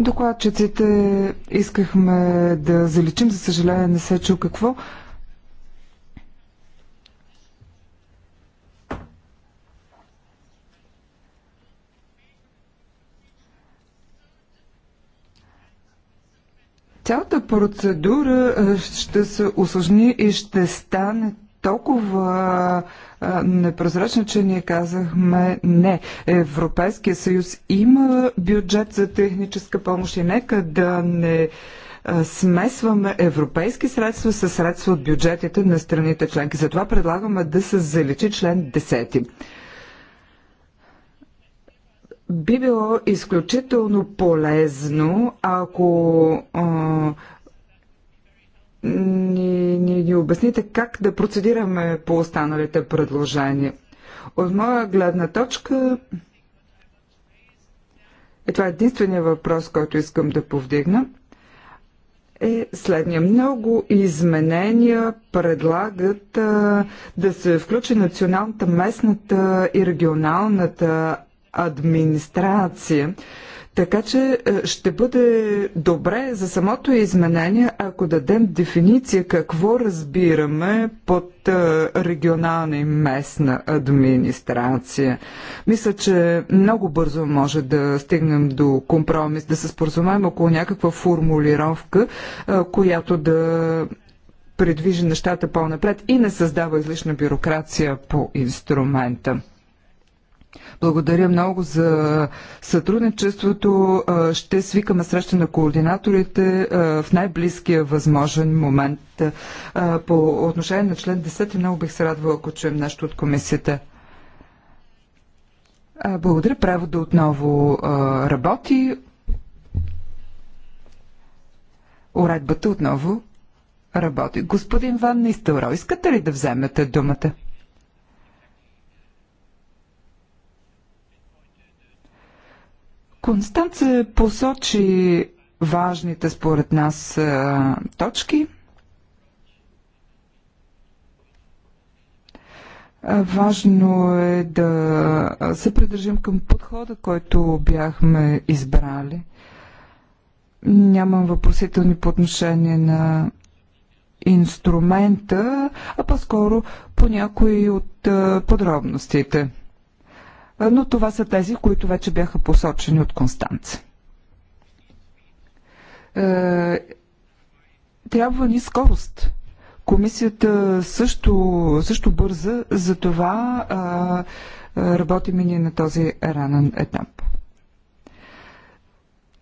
Докладчиците искахме да заличим, за съжаление не се чу какво. Цялата процедура ще се осложни и ще стане толкова непрозрачна, че ние казахме не. Европейския съюз има бюджет за техническа помощ и нека да не смесваме европейски средства с средства от бюджетите на страните членки. Затова предлагаме да се заличи член 10 би било изключително полезно, ако а, ни, ни обясните как да процедираме по останалите предложения. От моя гледна точка, и това е единствения въпрос, който искам да повдигна, е следния. Много изменения предлагат а, да се включи националната, местната и регионалната администрация. Така че е, ще бъде добре за самото изменение, ако дадем дефиниция какво разбираме под е, регионална и местна администрация. Мисля, че много бързо може да стигнем до компромис, да се споразумеем около някаква формулировка, е, която да предвижи нещата по-напред и не създава излишна бюрокрация по инструмента. Благодаря много за сътрудничеството. Ще свикаме среща на координаторите в най-близкия възможен момент. По отношение на член 10 много бих се радвала, ако чуем нещо от комисията. Благодаря. да отново работи. Уредбата отново работи. Господин Ван Нистелро, искате ли да вземете думата? Констанца посочи важните според нас точки. Важно е да се придържим към подхода, който бяхме избрали. Нямам въпросителни по отношение на инструмента, а по-скоро по някои от подробностите но това са тези, които вече бяха посочени от Констанца. Е, трябва ни скорост. Комисията също, също бърза, за това работим и ние на този ранен етап.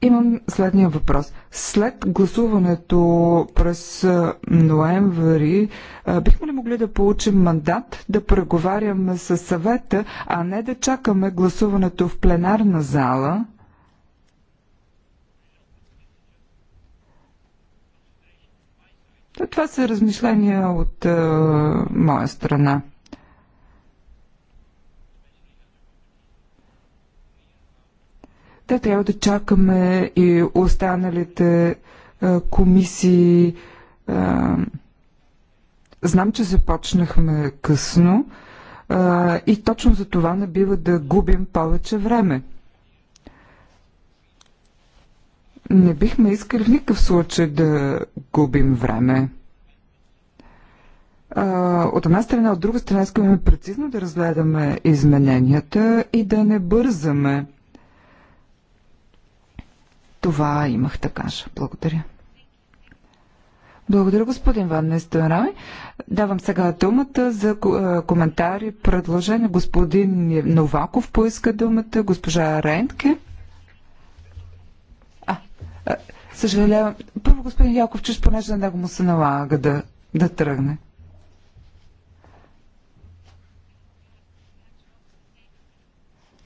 Имам следния въпрос. След гласуването през ноември, бихме ли могли да получим мандат да преговаряме с съвета, а не да чакаме гласуването в пленарна зала? Това са размишления от моя страна. Те трябва да чакаме и останалите комисии. Знам, че започнахме късно и точно за това не бива да губим повече време. Не бихме искали в никакъв случай да губим време. От една страна, от друга страна искаме прецизно да разгледаме измененията и да не бързаме. Това имах да кажа. Благодаря. Благодаря, господин Ван Нестерай. Давам сега думата за коментари, предложения. Господин Новаков поиска думата, госпожа Рентке. А, съжалявам. Първо, господин Яков, чуш, понеже на него му се налага да, да тръгне.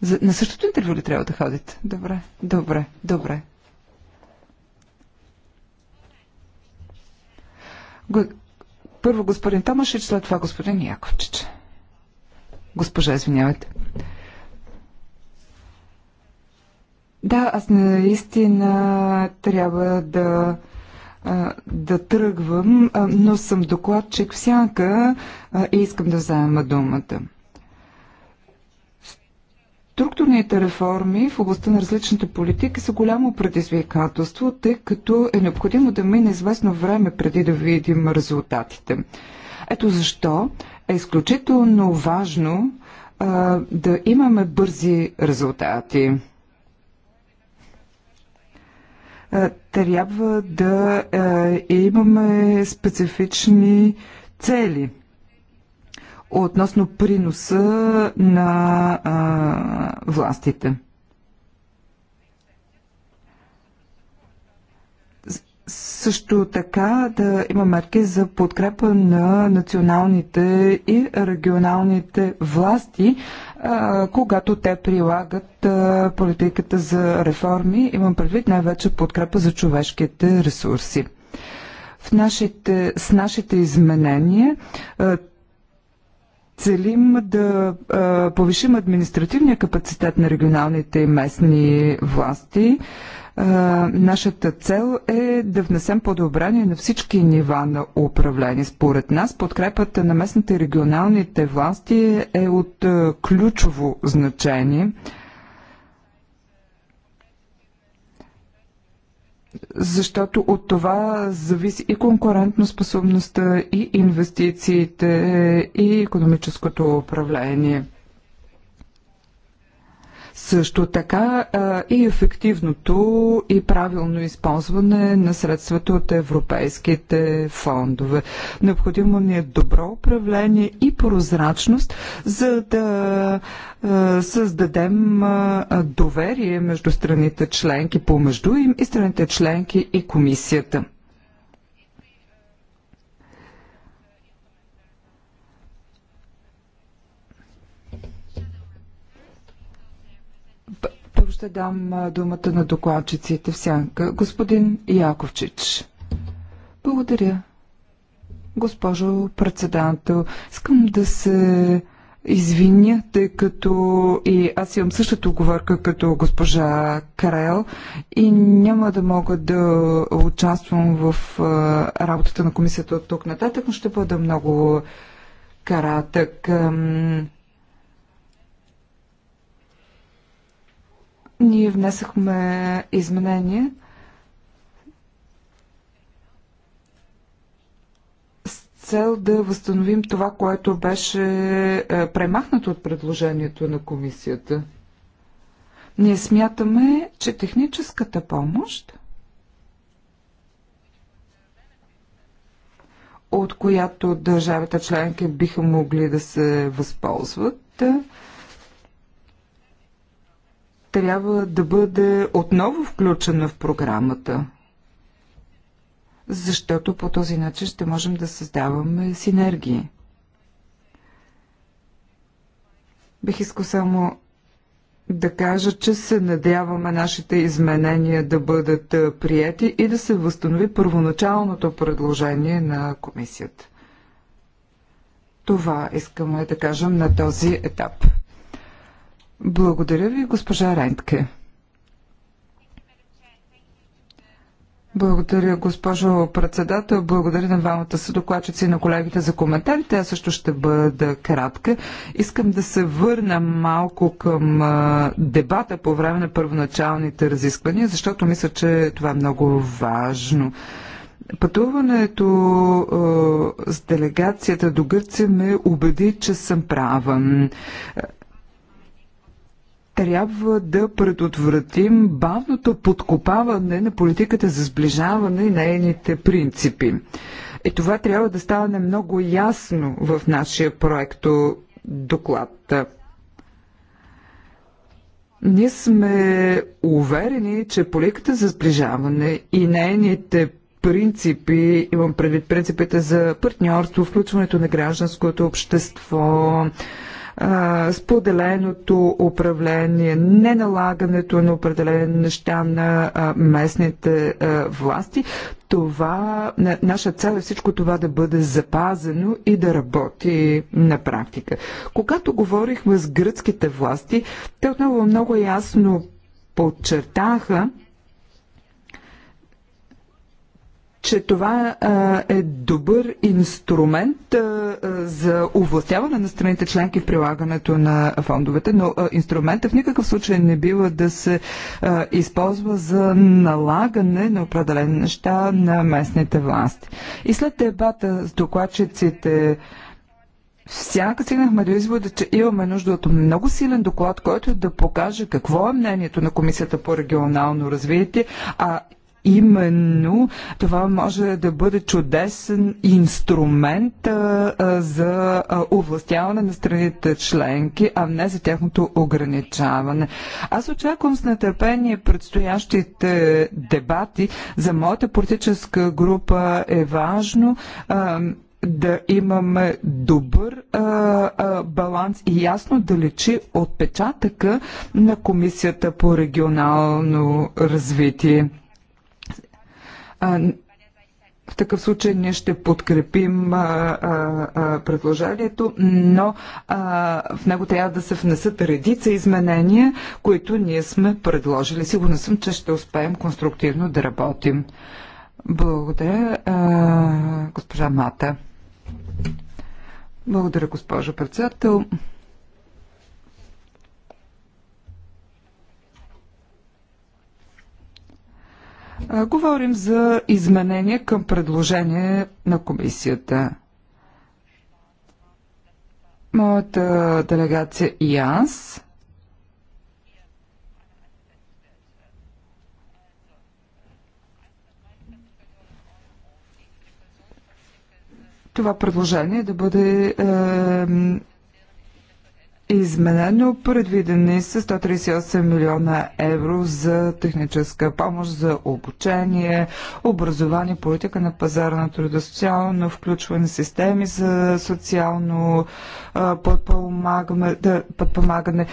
За, на същото интервю ли трябва да ходите? Добре, добре, добре. Първо господин Томашич, след това господин Яковчич. Госпожа, извинявайте. Да, аз наистина трябва да, да тръгвам, но съм докладчик в сянка и искам да взема думата. Структурните реформи в областта на различните политики са голямо предизвикателство, тъй като е необходимо да мине известно време преди да видим резултатите. Ето защо е изключително важно а, да имаме бързи резултати трябва да а, имаме специфични цели – относно приноса на а, властите. Също така да има мерки за подкрепа на националните и регионалните власти, а, когато те прилагат а, политиката за реформи. Имам предвид най-вече подкрепа за човешките ресурси. В нашите, с нашите изменения целим да повишим административния капацитет на регионалните и местни власти. Нашата цел е да внесем подобрение на всички нива на управление. Според нас подкрепата на местните и регионалните власти е от ключово значение – защото от това зависи и конкурентно способността, и инвестициите, и економическото управление също така и ефективното и правилно използване на средствата от европейските фондове. Необходимо ни е добро управление и прозрачност, за да създадем доверие между страните членки, помежду им и страните членки и комисията. ще дам думата на докладчиците в сянка. Господин Яковчич. Благодаря. Госпожо председател, искам да се извиня, тъй като и аз имам същата оговорка като госпожа Карел и няма да мога да участвам в работата на комисията от тук нататък, но ще бъда много каратък. Ние внесахме изменения с цел да възстановим това, което беше е, премахнато от предложението на комисията. Ние смятаме, че техническата помощ от която държавите членки биха могли да се възползват, е, трябва да бъде отново включена в програмата, защото по този начин ще можем да създаваме синергии. Бих искал само да кажа, че се надяваме нашите изменения да бъдат приети и да се възстанови първоначалното предложение на комисията. Това искаме да кажем на този етап. Благодаря ви, госпожа Рентке. Благодаря, госпожо председател. Благодаря на двамата съдокладчици и на колегите за коментарите. Аз също ще бъда кратка. Искам да се върна малко към дебата по време на първоначалните разисквания, защото мисля, че това е много важно. Пътуването с делегацията до Гърция ме убеди, че съм правен трябва да предотвратим бавното подкопаване на политиката за сближаване и нейните принципи. И това трябва да стане много ясно в нашия проекто доклад. Ние сме уверени, че политиката за сближаване и нейните принципи, имам предвид принципите за партньорство, включването на гражданското общество, споделеното управление, неналагането на определени неща на а, местните а, власти. Това, наша цел е всичко това да бъде запазено и да работи на практика. Когато говорихме с гръцките власти, те отново много ясно подчертаха, че това е добър инструмент за овластяване на страните членки в прилагането на фондовете, но инструментът в никакъв случай не бива да се използва за налагане на определени неща на местните власти. И след дебата с докладчиците всяка стигнахме до извода, че имаме нужда от много силен доклад, който да покаже какво е мнението на Комисията по регионално развитие, а именно това може да бъде чудесен инструмент а, а, за овластяване на страните членки, а не за тяхното ограничаване. Аз очаквам с нетърпение предстоящите дебати. За моята политическа група е важно а, да имаме добър а, а, баланс и ясно да лечи отпечатъка на Комисията по регионално развитие. В такъв случай ние ще подкрепим а, а, а, предложението, но а, в него трябва да се внесат редица изменения, които ние сме предложили. Сигурна съм, че ще успеем конструктивно да работим. Благодаря, а, госпожа Мата. Благодаря, госпожо председател. Говорим за изменение към предложение на комисията. Моята делегация и аз това предложение да бъде изменено. Предвидени са 138 милиона евро за техническа помощ, за обучение, образование, политика на пазара на труда, социално включване, системи за социално подпомагане. подпомагане.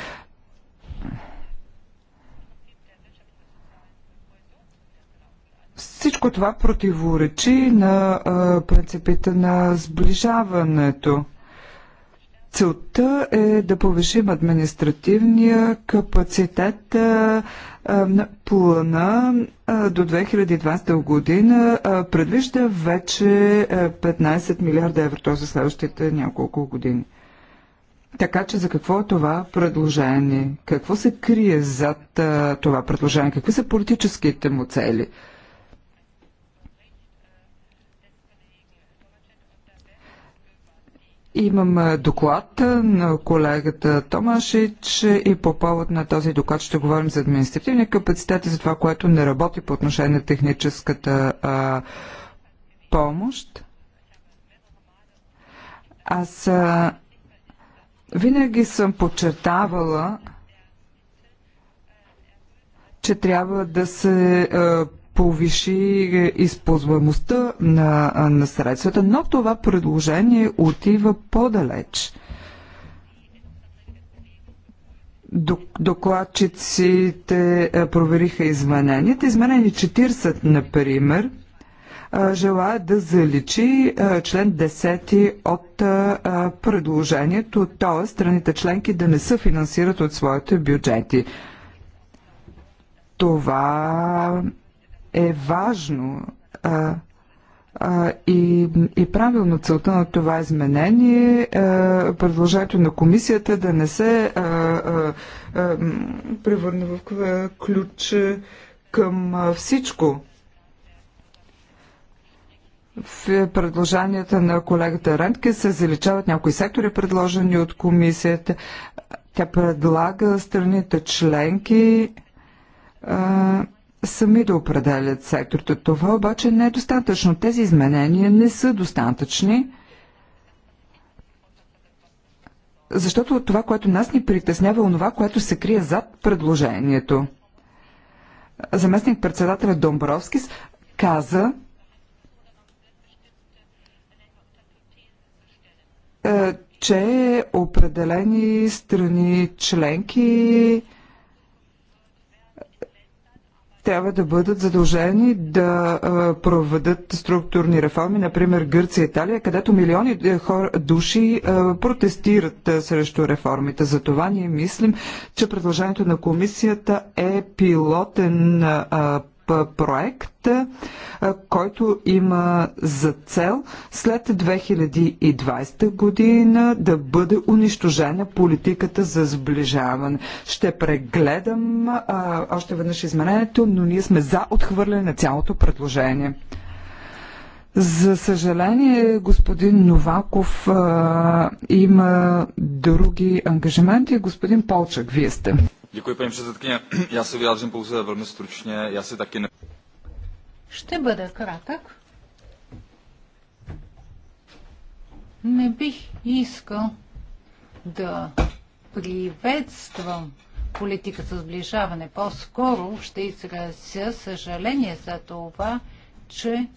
Всичко това противоречи на принципите на сближаването. Целта е да повишим административния капацитет на плана до 2020 година. Предвижда вече 15 милиарда евро, т.е. за следващите няколко години. Така че за какво е това предложение? Какво се крие зад това предложение? Какви са политическите му цели? Имаме доклад на колегата Томашич и по повод на този доклад ще говорим за административния капацитет и за това, което не работи по отношение на техническата а, помощ. Аз а, винаги съм подчертавала, че трябва да се а, повиши е, използваемостта на, на средствата, но това предложение отива по-далеч. Докладчиците е, провериха измененията. Изменени 40, например, желая да заличи член 10 от предложението, т.е. страните членки да не се финансират от своите бюджети. Това е важно а, а, и, и правилно целта на това изменение, а, предложението на комисията да не се а, а, а, превърне в ключ към всичко. В предложенията на колегата Рентке се заличават някои сектори, предложени от комисията. Тя предлага страните членки а, сами да определят секторите. Това обаче не е достатъчно. Тези изменения не са достатъчни, защото това, което нас ни притеснява, е онова, което се крие зад предложението. Заместник председателя Домбровскис каза, е, че определени страни членки трябва да бъдат задължени да проведат структурни реформи, например Гърция и Италия, където милиони е, хора, души протестират срещу реформите. За това ние мислим, че предложението на комисията е пилотен проект, който има за цел след 2020 година да бъде унищожена политиката за сближаване. Ще прегледам а, още веднъж изменението, но ние сме за отхвърляне на цялото предложение. За съжаление, господин Новаков а, има други ангажименти. Господин Полчак, вие сте. Děkuji, paní předsedkyně. Já se vyjádřím pouze velmi stručně. Já si taky ne... Ще бъда кратък. Не бих искал да приветствам политика за сближаване. По-скоро ще изразя съжаление за това, че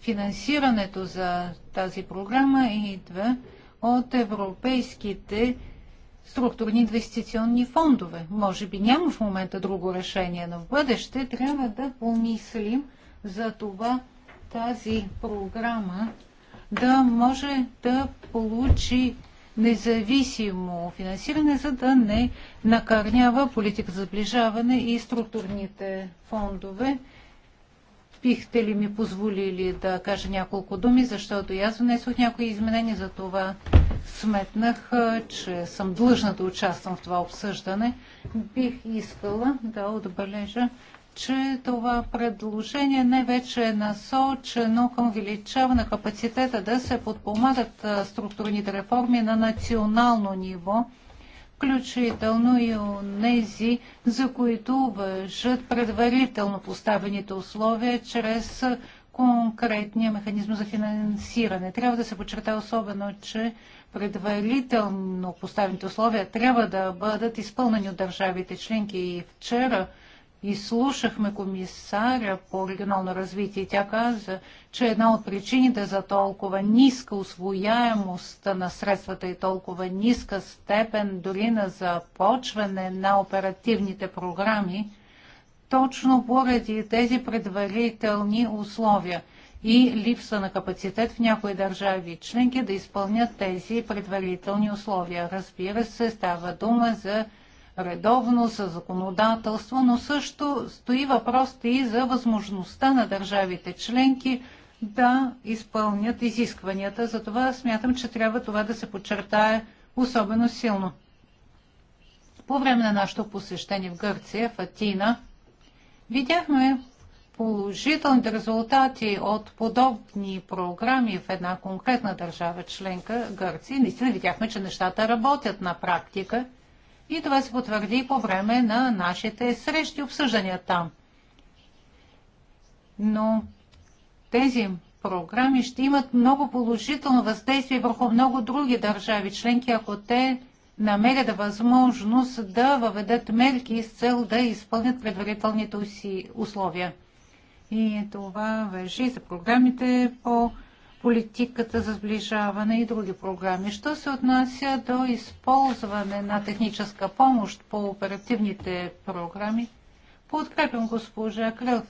финансирането за тази програма идва от европейските структурни инвестиционни фондове. Може би няма в момента друго решение, но в бъдеще трябва да помислим за това тази програма да може да получи независимо финансиране, за да не накърнява политика за сближаване и структурните фондове. Бихте ли ми позволили да кажа няколко думи, защото и аз внесох някои изменения за това сметнах, че съм длъжна да участвам в това обсъждане. Бих искала да отбележа, че това предложение не вече е насочено към увеличаване на капацитета да се подпомагат структурните реформи на национално ниво, включително и онези, за които въжат предварително поставените условия чрез конкретния механизъм за финансиране. Трябва да се подчерта особено, че предварително поставените условия трябва да бъдат изпълнени от държавите членки. И вчера изслушахме комисаря по регионално развитие. Тя каза, че една от причините за толкова ниска освояемост на средствата и толкова ниска степен дори на започване на оперативните програми, точно поради тези предварителни условия – и липса на капацитет в някои държави членки да изпълнят тези предварителни условия. Разбира се, става дума за редовно, за законодателство, но също стои въпросът и за възможността на държавите членки да изпълнят изискванията. Затова смятам, че трябва това да се подчертае особено силно. По време на нашето посещение в Гърция, в Атина, видяхме положителните резултати от подобни програми в една конкретна държава членка Гърция. Наистина видяхме, че нещата работят на практика и това се потвърди по време на нашите срещи обсъждания там. Но тези програми ще имат много положително въздействие върху много други държави членки, ако те намерят възможност да въведат мерки с цел да изпълнят предварителните си условия. И това вържи за програмите по политиката за сближаване и други програми. Що се отнася до използване на техническа помощ по оперативните програми, подкрепям госпожа Кръв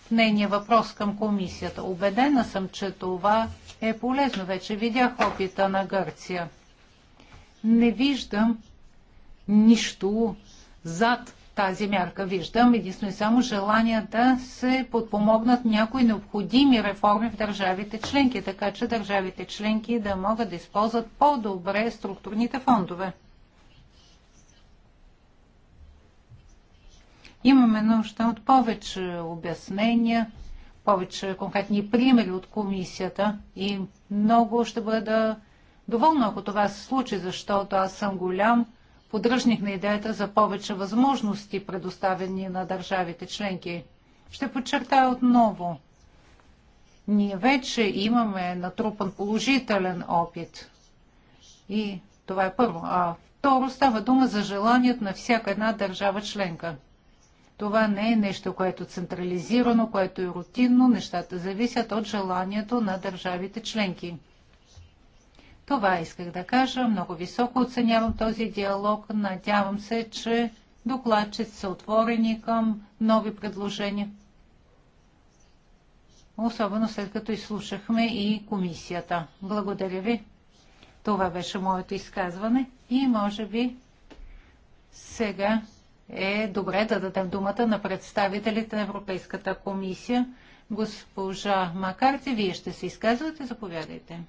в нейния въпрос към комисията. Обедена съм, че това е полезно. Вече видях опита на Гърция. Не виждам нищо зад тази мярка. Виждам единствено и само желание да се подпомогнат някои необходими реформи в държавите членки, така че държавите членки да могат да използват по-добре структурните фондове. Имаме нужда от повече обяснения, повече конкретни примери от комисията и много ще бъда доволна, ако това се случи, защото аз съм голям подръжнихме идеята за повече възможности, предоставени на държавите членки. Ще подчертая отново. Ние вече имаме натрупан положителен опит. И това е първо. А второ става дума за желанието на всяка една държава членка. Това не е нещо, което е централизирано, което е рутинно. Нещата зависят от желанието на държавите членки. Това исках да кажа. Много високо оценявам този диалог. Надявам се, че докладчици са отворени към нови предложения. Особено след като изслушахме и комисията. Благодаря ви. Това беше моето изказване и може би сега е добре да дадем думата на представителите на Европейската комисия. Госпожа Макарти, вие ще се изказвате, заповядайте.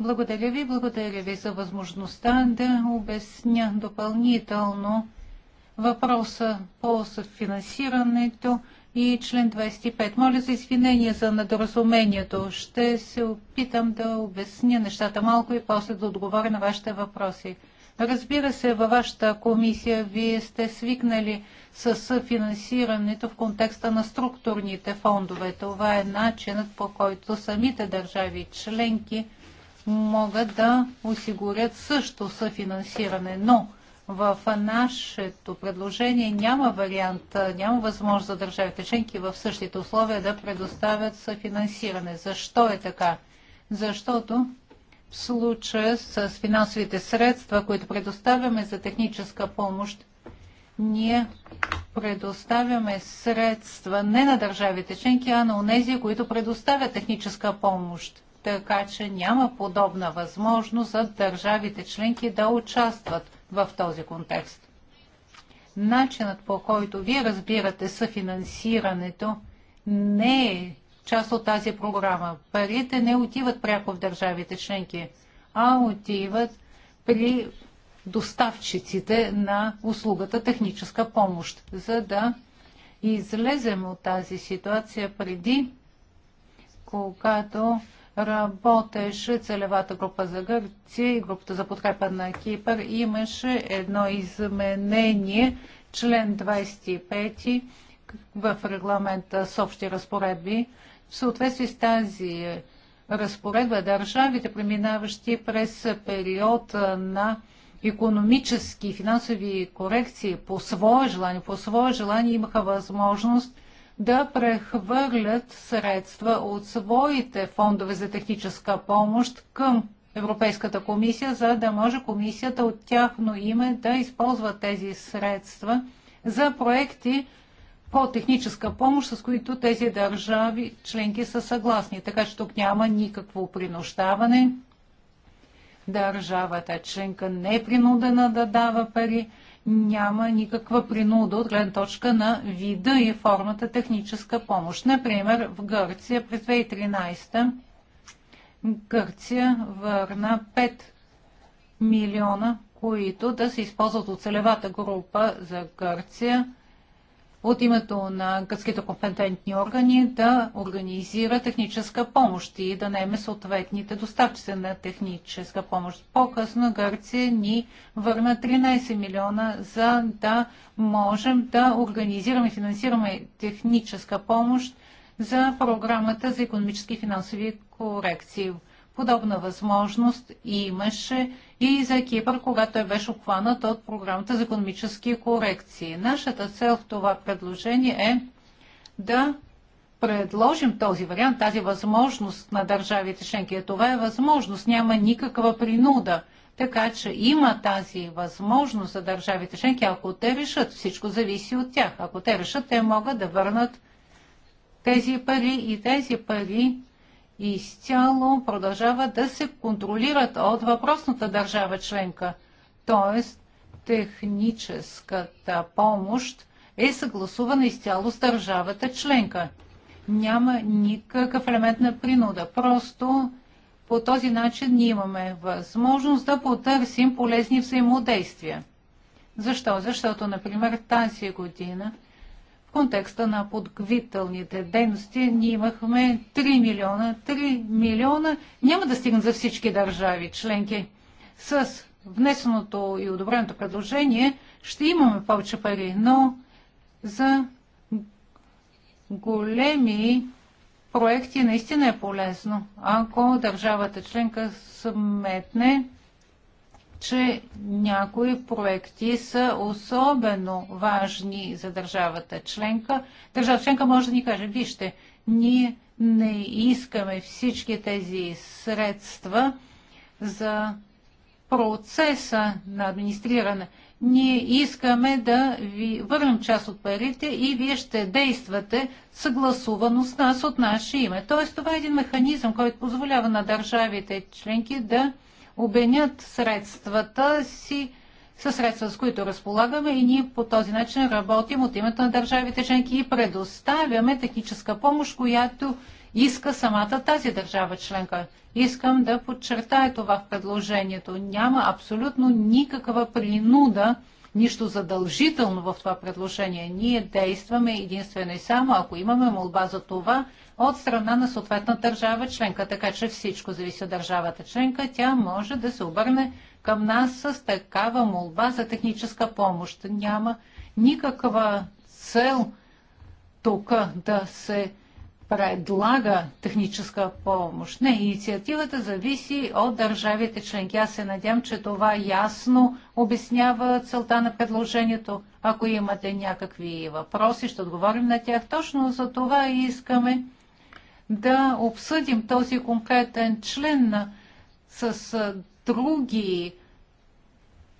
Благодаря ви, благодаря ви за възможността да обясня допълнително въпроса по съфинансирането и член 25. Моля за извинение за недоразумението. Ще се опитам да обясня нещата малко и после да отговоря на вашите въпроси. Разбира се, във вашата комисия вие сте свикнали с финансирането в контекста на структурните фондове. Това е начинът по който самите държави членки – могат да осигурят също съфинансиране, но в нашето предложение няма вариант, няма възможност за държавите членки в същите условия да предоставят съфинансиране. Защо е така? Защото в случая с финансовите средства, които предоставяме за техническа помощ, ние предоставяме средства не на държавите членки, а на онези, които предоставят техническа помощ така че няма подобна възможност за държавите членки да участват в този контекст. Начинът по който вие разбирате съфинансирането не е част от тази програма. Парите не отиват пряко в държавите членки, а отиват при доставчиците на услугата техническа помощ, за да излезем от тази ситуация преди, когато работеше целевата група за Гърция и групата за подкрепа на Кипър. Имаше едно изменение, член 25 в регламента с общи разпоредби. В съответствие с тази разпоредба държавите, преминаващи през период на економически и финансови корекции по свое желание, по свое желание имаха възможност да прехвърлят средства от своите фондове за техническа помощ към Европейската комисия, за да може комисията от тяхно име да използва тези средства за проекти по техническа помощ, с които тези държави членки са съгласни. Така че тук няма никакво принощаване. Държавата членка не е принудена да дава пари няма никаква принуда от гледна точка на вида и формата техническа помощ. Например, в Гърция през 2013 Гърция върна 5 милиона, които да се използват от целевата група за Гърция от името на гръцките компетентни органи да организира техническа помощ и да наеме съответните доставчици на техническа помощ. По-късно Гърция ни върна 13 милиона за да можем да организираме и финансираме техническа помощ за програмата за економически и финансови корекции. Подобна възможност имаше и за Кипър, когато той беше обхванат от програмата за економически корекции. Нашата цел в това предложение е да предложим този вариант, тази възможност на държавите членки. Това е възможност, няма никаква принуда. Така че има тази възможност за държавите членки, ако те решат, всичко зависи от тях. Ако те решат, те могат да върнат тези пари и тези пари изцяло продължават да се контролират от въпросната държава членка. т.е. техническата помощ е съгласувана изцяло с държавата членка. Няма никакъв елемент на принуда. Просто по този начин ние имаме възможност да потърсим полезни взаимодействия. Защо? Защото, например, тази година контекста на подготвителните дейности ние имахме 3 милиона. 3 милиона няма да стигнат за всички държави членки. С внесеното и одобреното предложение ще имаме повече пари, но за големи проекти наистина е полезно, ако държавата членка сметне че някои проекти са особено важни за държавата членка. Държавата членка може да ни каже, вижте, ние не искаме всички тези средства за процеса на администриране. Ние искаме да ви върнем част от парите и вие ще действате съгласувано с нас от наше име. Тоест това е един механизъм, който позволява на държавите членки да обенят средствата си със средства, с които разполагаме и ние по този начин работим от името на държавите членки и предоставяме техническа помощ, която иска самата тази държава членка. Искам да подчертая това в предложението. Няма абсолютно никаква принуда, нищо задължително в това предложение. Ние действаме единствено и само, ако имаме молба за това от страна на съответна държава членка. Така че всичко зависи от държавата членка. Тя може да се обърне към нас с такава молба за техническа помощ. Няма никаква цел тук да се предлага техническа помощ. Не, инициативата зависи от държавите членки. Аз се надявам, че това ясно обяснява целта на предложението. Ако имате някакви въпроси, ще отговорим на тях. Точно за това искаме да обсъдим този конкретен член с други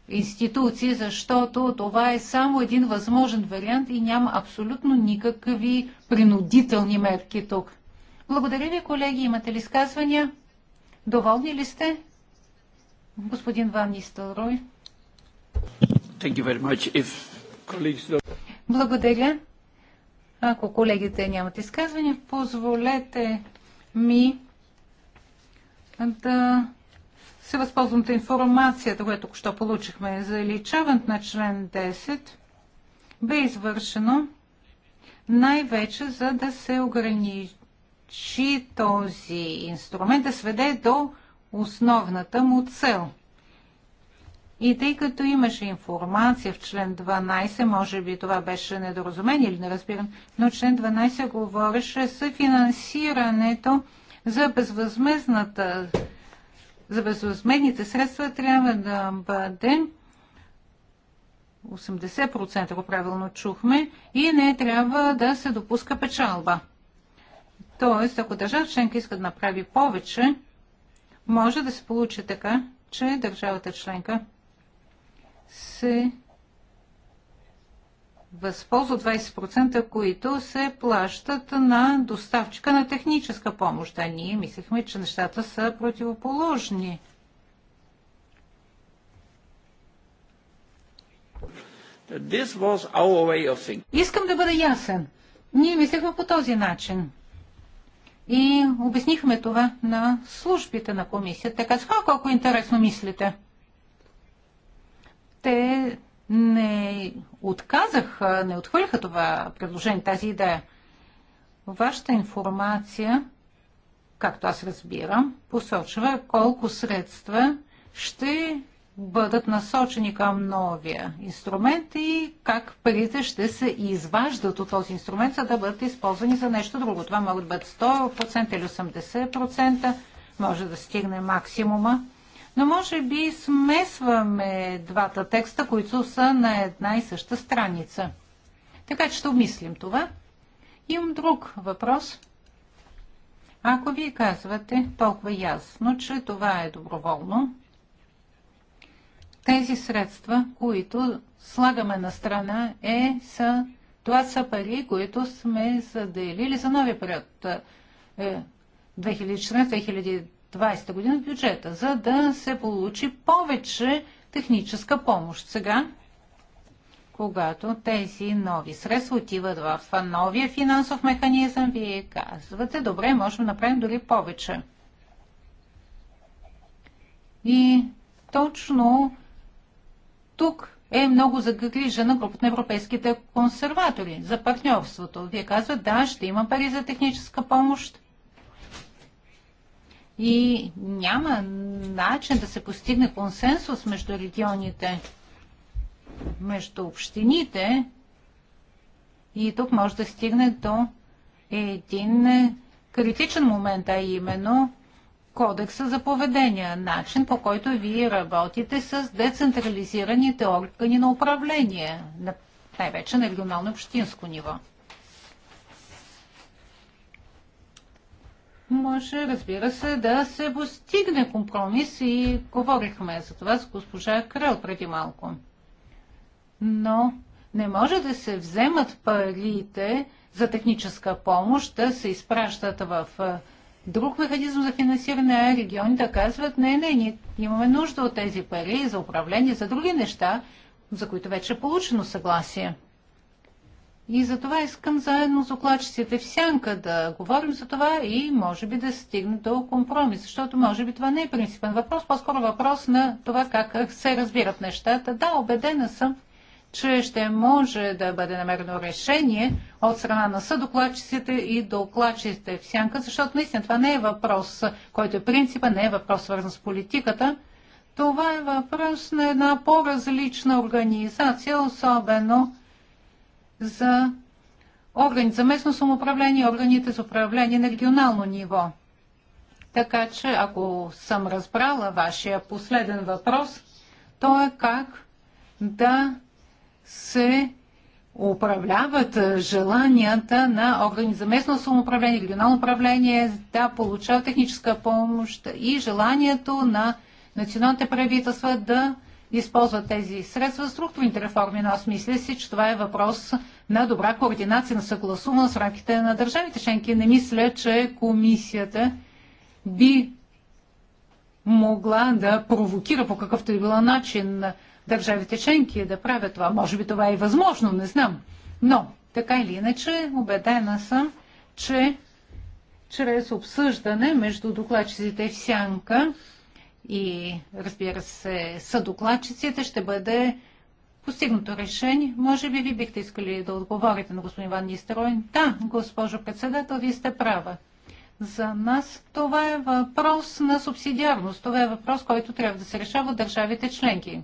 институции, защото това е само един възможен вариант и няма абсолютно никакви принудителни мерки тук. Благодаря ви, колеги. Имате ли изказвания? Доволни ли сте? Господин Ван Нистелрой. Благодаря. Ако колегите нямат изказвания, позволете ми да се възползвам от информацията, която току-що получихме. Заличаването на член 10 бе извършено най-вече за да се ограничи този инструмент, да сведе до основната му цел – и тъй като имаше информация в член 12, може би това беше недоразумение или неразбиране, но член 12 говореше за финансирането за безвъзмезната за безвъзмедните средства трябва да бъде 80%, ако правилно чухме, и не трябва да се допуска печалба. Тоест, ако държава членка иска да направи повече, може да се получи така, че държавата членка се възползват 20%, които се плащат на доставчика на техническа помощ. А ние мислехме, че нещата са противоположни. Искам да бъда ясен. Ние мислехме по този начин. И обяснихме това на службите на комисията. Така, колко интересно мислите? те не отказаха, не отхвърлиха това предложение, тази идея. Вашата информация, както аз разбирам, посочва колко средства ще бъдат насочени към новия инструмент и как парите ще се изваждат от този инструмент, за да бъдат използвани за нещо друго. Това могат да бъдат 100% или 80%, може да стигне максимума. Но може би смесваме двата текста, които са на една и съща страница. Така че ще обмислим това. Имам друг въпрос. Ако вие казвате толкова ясно, че това е доброволно, тези средства, които слагаме на страна, е, са, това са пари, които сме заделили за новия период. 2014 е, 2020 година в бюджета, за да се получи повече техническа помощ. Сега, когато тези нови средства отиват в новия финансов механизъм, вие казвате, добре, можем да направим дори повече. И точно тук е много загрижена групата на европейските консерватори за партньорството. Вие казват, да, ще има пари за техническа помощ, и няма начин да се постигне консенсус между регионите, между общините. И тук може да стигне до един критичен момент, а именно кодекса за поведение, начин по който вие работите с децентрализираните органи на управление, най-вече на регионално-общинско ниво. може, разбира се, да се постигне компромис и говорихме за това с госпожа Крел преди малко. Но не може да се вземат парите за техническа помощ, да се изпращат в друг механизъм за финансиране, а регионите да казват, не, не, ние имаме нужда от тези пари за управление, за други неща, за които вече е получено съгласие. И за това искам заедно с окладчиците в сянка да говорим за това и може би да стигнем до компромис, защото може би това не е принципен въпрос, по-скоро въпрос на това как се разбират нещата. Да, убедена съм, че ще може да бъде намерено решение от страна на съдокладчиците и окладчиците в сянка, защото наистина това не е въпрос, който е принципа, не е въпрос свързан с политиката. Това е въпрос на една по-различна организация, особено за органи за местно самоуправление и органите за управление на регионално ниво. Така че, ако съм разбрала вашия последен въпрос, то е как да се управляват желанията на органи за местно самоуправление, регионално управление да получават техническа помощ и желанието на националните правителства да използват тези средства структурните реформи, но аз мисля си, че това е въпрос на добра координация, на съгласуване с рамките на държавите членки. Не мисля, че комисията би могла да провокира по какъвто и било начин държавите членки да правят това. Може би това е и възможно, не знам. Но, така или иначе, убедена съм, че чрез обсъждане между докладчиците в сянка и разбира се съдокладчиците ще бъде постигнато решение. Може би ви бихте искали да отговорите на господин Ван Нистероин. Да, госпожо председател, вие сте права. За нас това е въпрос на субсидиарност. Това е въпрос, който трябва да се решава от държавите членки.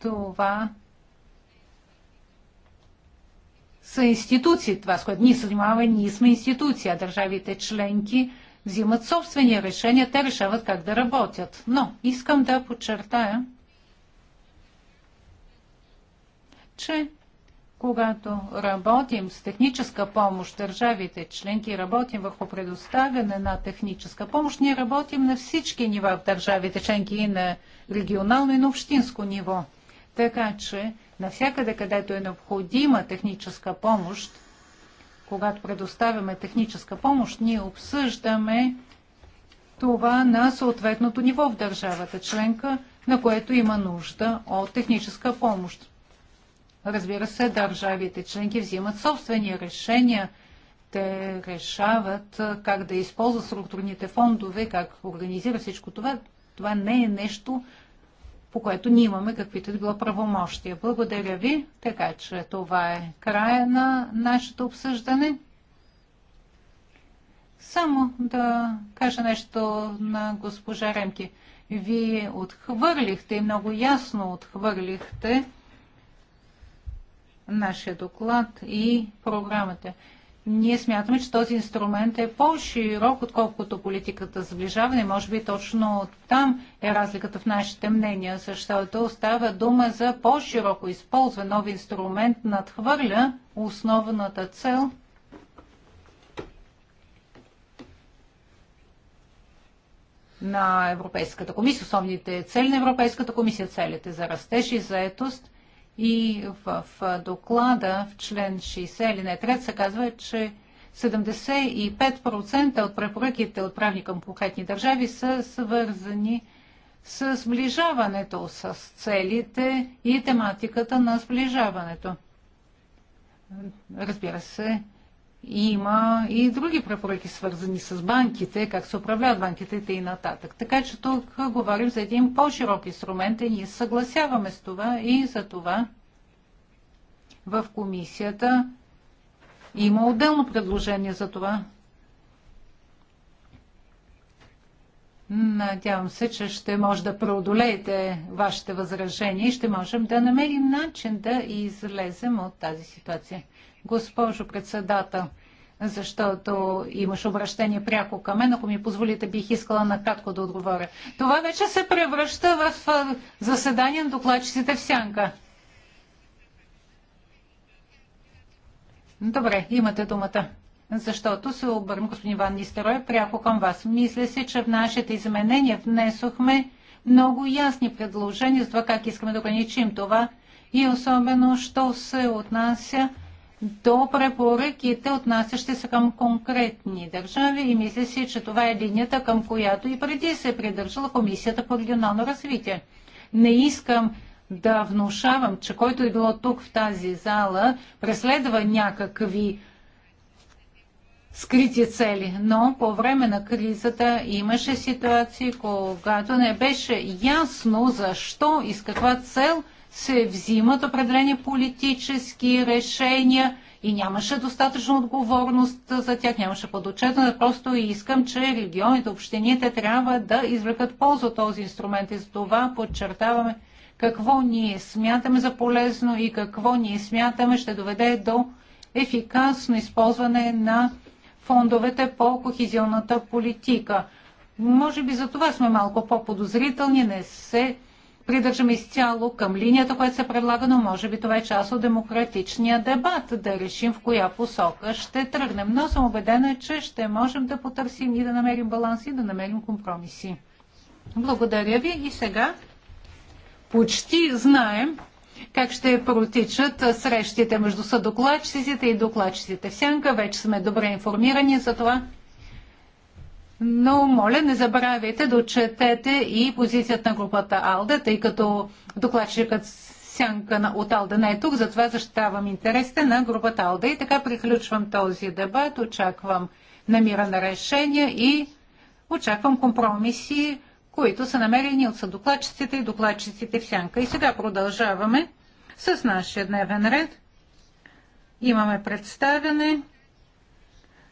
Това са институции. Това, с което ние се занимаваме, ние сме институция. Държавите членки взимат собствени решения, те решават как да работят. Но искам да подчертая, че когато работим с техническа помощ държавите членки, работим върху предоставяне на техническа помощ, ние работим на всички нива в държавите членки и на регионално и на общинско ниво. Така че навсякъде, където е необходима техническа помощ, когато предоставяме техническа помощ, ние обсъждаме това на съответното ниво в държавата членка, на което има нужда от техническа помощ. Разбира се, държавите членки взимат собствени решения, те решават как да използват структурните фондове, как организира всичко това. Това не е нещо, по което ние имаме каквито да било правомощия. Благодаря ви, така че това е края на нашето обсъждане. Само да кажа нещо на госпожа Ремки. Вие отхвърлихте и много ясно отхвърлихте нашия доклад и програмата. Ние смятаме, че този инструмент е по-широк, отколкото политиката за сближаване. Може би точно там е разликата в нашите мнения, защото остава дума за по-широко използване. Нови инструмент надхвърля основната цел на Европейската комисия, основните цели на Европейската комисия, целите за растеж и заетост. И в доклада в член 60 или не трет се казва, че 75% от препоръките отправни към конкретни държави са свързани с сближаването, с целите и тематиката на сближаването. Разбира се, има и други препоръки, свързани с банките, как се управляват банките и нататък. Така че тук говорим за един по-широк инструмент и ние съгласяваме с това и за това в комисията има отделно предложение за това. Надявам се, че ще може да преодолеете вашите възражения и ще можем да намерим начин да излезем от тази ситуация госпожо председател, защото имаш обращение пряко към мен. Ако ми позволите, бих искала накратко да отговоря. Това вече се превръща в заседание на докладчиците в сянка. Добре, имате думата. Защото се обърна господин Ван Нистерой пряко към вас. Мисля си, че в нашите изменения внесохме много ясни предложения за това как искаме да ограничим това и особено, що се отнася до препоръките, отнасящи се към конкретни държави и мисля си, че това е линията, към която и преди се е придържала Комисията по регионално развитие. Не искам да внушавам, че който е било тук в тази зала, преследва някакви скрити цели, но по време на кризата имаше ситуации, когато не беше ясно защо и с каква цел – се взимат определени политически решения и нямаше достатъчно отговорност за тях, нямаше подотчетна. Просто искам, че регионите, общините трябва да извлекат полза от този инструмент и за това подчертаваме какво ние смятаме за полезно и какво ние смятаме ще доведе до ефикасно използване на фондовете по кохизионната политика. Може би за това сме малко по-подозрителни, не се придържаме изцяло към линията, която се предлага, но може би това е част от демократичния дебат, да решим в коя посока ще тръгнем. Но съм убедена, че ще можем да потърсим и да намерим баланс и да намерим компромиси. Благодаря ви и сега почти знаем как ще протичат срещите между съдокладчиците и докладчиците в сянка. Вече сме добре информирани за това но моля не забравяйте да отчетете и позицията на групата АЛДА, тъй като докладчикът сянка от АЛДА не е тук, затова защитавам интересите на групата АЛДА. И така приключвам този дебат, очаквам намира на решения и очаквам компромиси, които са намерени от съдокладчиците и докладчиците в сянка. И сега продължаваме с нашия дневен ред. Имаме представяне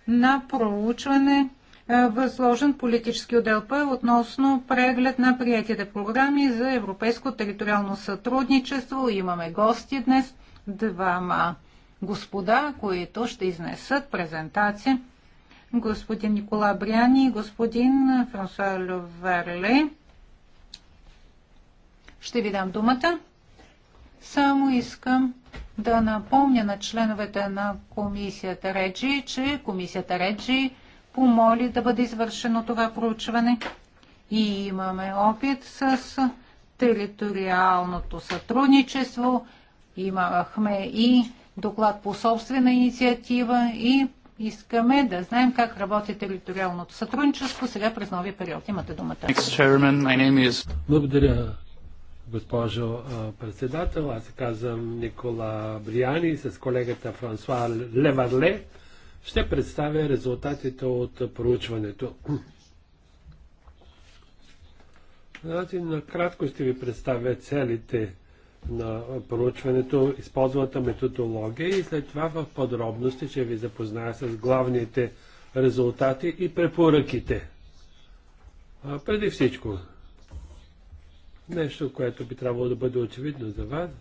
на проучване е, възложен политически отдел П относно преглед на приятите програми за европейско териториално сътрудничество. Имаме гости днес, двама господа, които ще изнесат презентация. Господин Никола Бряни и господин Франсуа Люверли. Ще ви дам думата. Само искам да напомня на членовете на комисията Реджи, че комисията Реджи помоли да бъде извършено това проучване и имаме опит с териториалното сътрудничество. Имахме и доклад по собствена инициатива и искаме да знаем как работи териториалното сътрудничество сега през новия период. Имате думата. Благодаря, госпожо председател. Аз казвам Никола Бриани с колегата Франсуа Леварле ще представя резултатите от проучването. Значи, накратко ще ви представя целите на проучването, използвата методология и след това в подробности ще ви запозная с главните резултати и препоръките. А, преди всичко, нещо, което би трябвало да бъде очевидно за вас –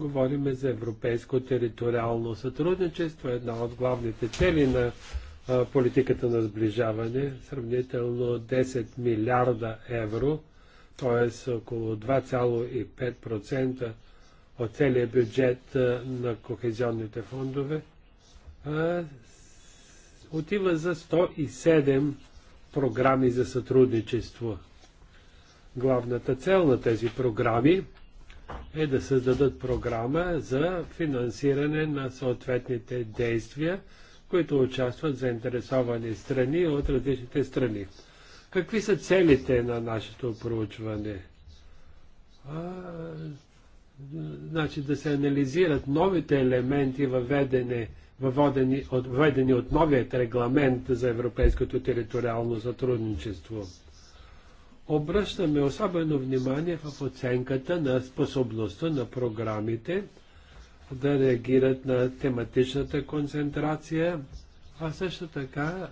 Говорим за европейско териториално сътрудничество, една от главните цели на политиката на сближаване, сравнително 10 милиарда евро, т.е. около 2,5% от целият бюджет на кохезионните фондове, отива за 107 програми за сътрудничество. Главната цел на тези програми е да създадат програма за финансиране на съответните действия, които участват заинтересовани страни от различните страни. Какви са целите на нашето проучване? А, значи да се анализират новите елементи, въведени, от, въведени от новият регламент за европейското териториално сътрудничество – обръщаме особено внимание в оценката на способността на програмите да реагират на тематичната концентрация, а също така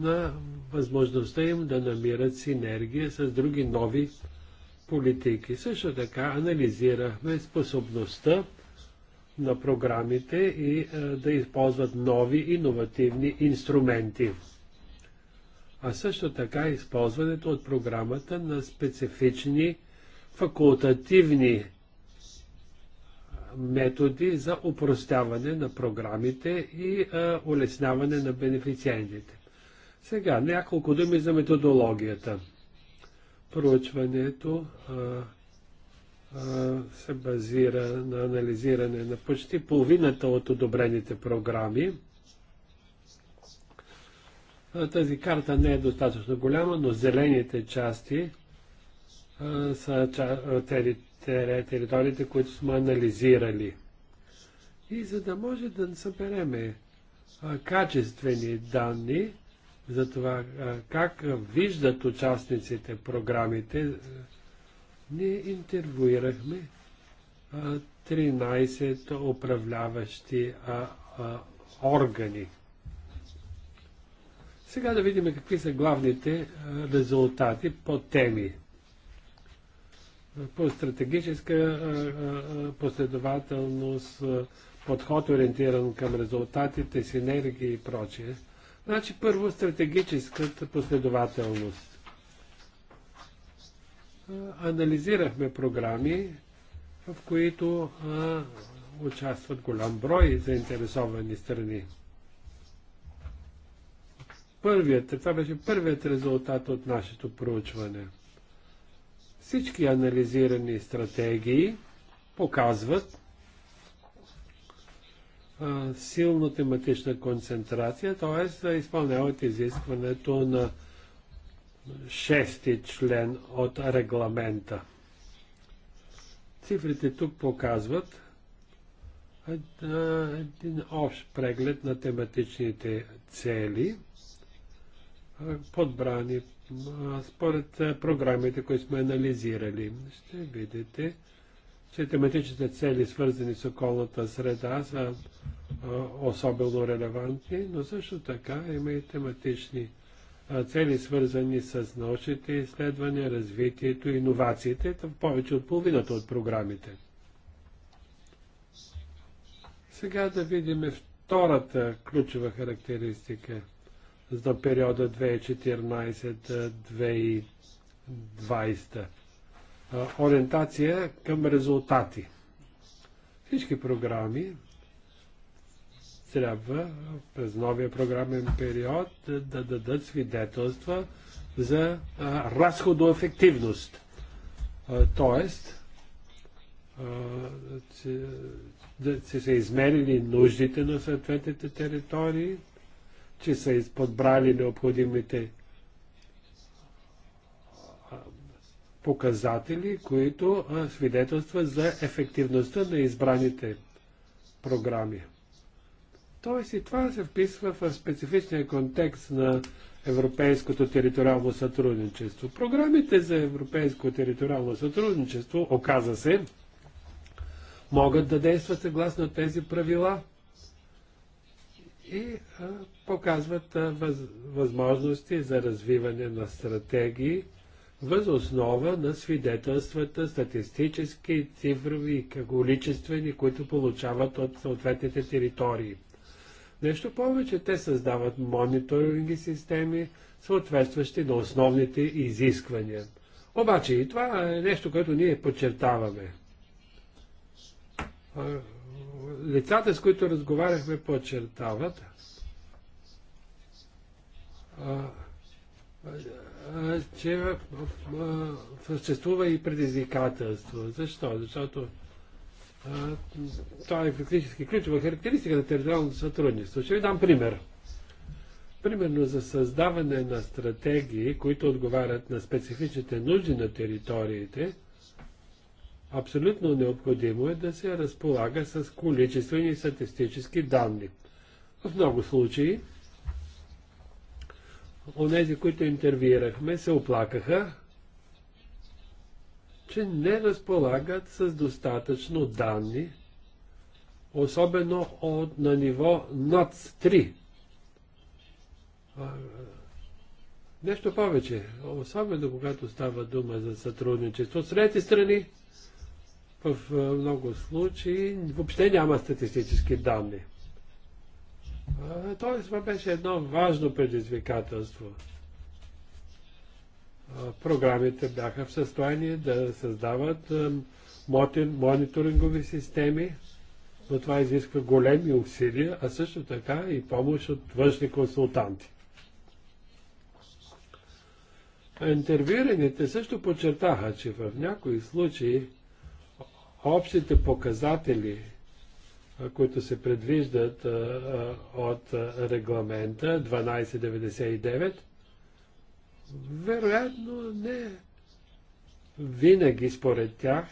на възможността им да намират синергия с други нови политики. Също така анализирахме способността на програмите и да използват нови иновативни инструменти а също така използването от програмата на специфични факултативни методи за упростяване на програмите и а, улесняване на бенефициентите. Сега няколко думи за методологията. Проучването а, а, се базира на анализиране на почти половината от одобрените програми тази карта не е достатъчно голяма, но зелените части са териториите, които сме анализирали. И за да може да събереме качествени данни за това как виждат участниците програмите, ние интервюирахме 13 управляващи органи сега да видим какви са главните резултати по теми. По стратегическа последователност, подход ориентиран към резултатите, синергии и прочие. Значи първо стратегическата последователност. Анализирахме програми, в които а, участват голям брой заинтересовани страни първият, това беше първият резултат от нашето проучване. Всички анализирани стратегии показват а, силно тематична концентрация, т.е. изпълняват изискването на шести член от регламента. Цифрите тук показват един общ преглед на тематичните цели – подбрани според програмите, които сме анализирали. Ще видите, че тематичните цели, свързани с околната среда, са особено релевантни, но също така има и тематични цели, свързани с научните изследвания, развитието, и иновациите, в повече от половината от програмите. Сега да видим втората ключова характеристика – за периода 2014-2020. Ориентация към резултати. Всички програми трябва през новия програмен период да дадат свидетелства за разходоефективност. тоест, че, да че се измерили нуждите на съответните територии, че са изподбрали необходимите показатели, които свидетелстват за ефективността на избраните програми. Тоест и това се вписва в специфичния контекст на европейското териториално сътрудничество. Програмите за европейско териториално сътрудничество, оказа се, могат да действат съгласно тези правила – и а, показват а, въз, възможности за развиване на стратегии въз основа на свидетелствата, статистически, цифрови и количествени, които получават от съответните територии. Нещо повече, те създават мониторинги системи, съответстващи на основните изисквания. Обаче и това е нещо, което ние подчертаваме лицата, с които разговаряхме, подчертават, че съществува и предизвикателство. Защо? Защото това е фактически ключова характеристика на териториалното сътрудничество. Ще ви дам пример. Примерно за създаване на стратегии, които отговарят на специфичните нужди на териториите – Абсолютно необходимо е да се разполага с количествени статистически данни. В много случаи, онези, които интервюирахме, се оплакаха, че не разполагат с достатъчно данни, особено от, на ниво над 3. Нещо повече, особено когато става дума за сътрудничество с трети страни, в е, много случаи въобще няма статистически данни. Тоест, това беше едно важно предизвикателство. Програмите бяха в състояние да създават е, мониторингови системи, но това изисква големи усилия, а също така и помощ от външни консултанти. Интервюираните също подчертаха, че в някои случаи общите показатели, които се предвиждат от регламента 1299, вероятно не винаги според тях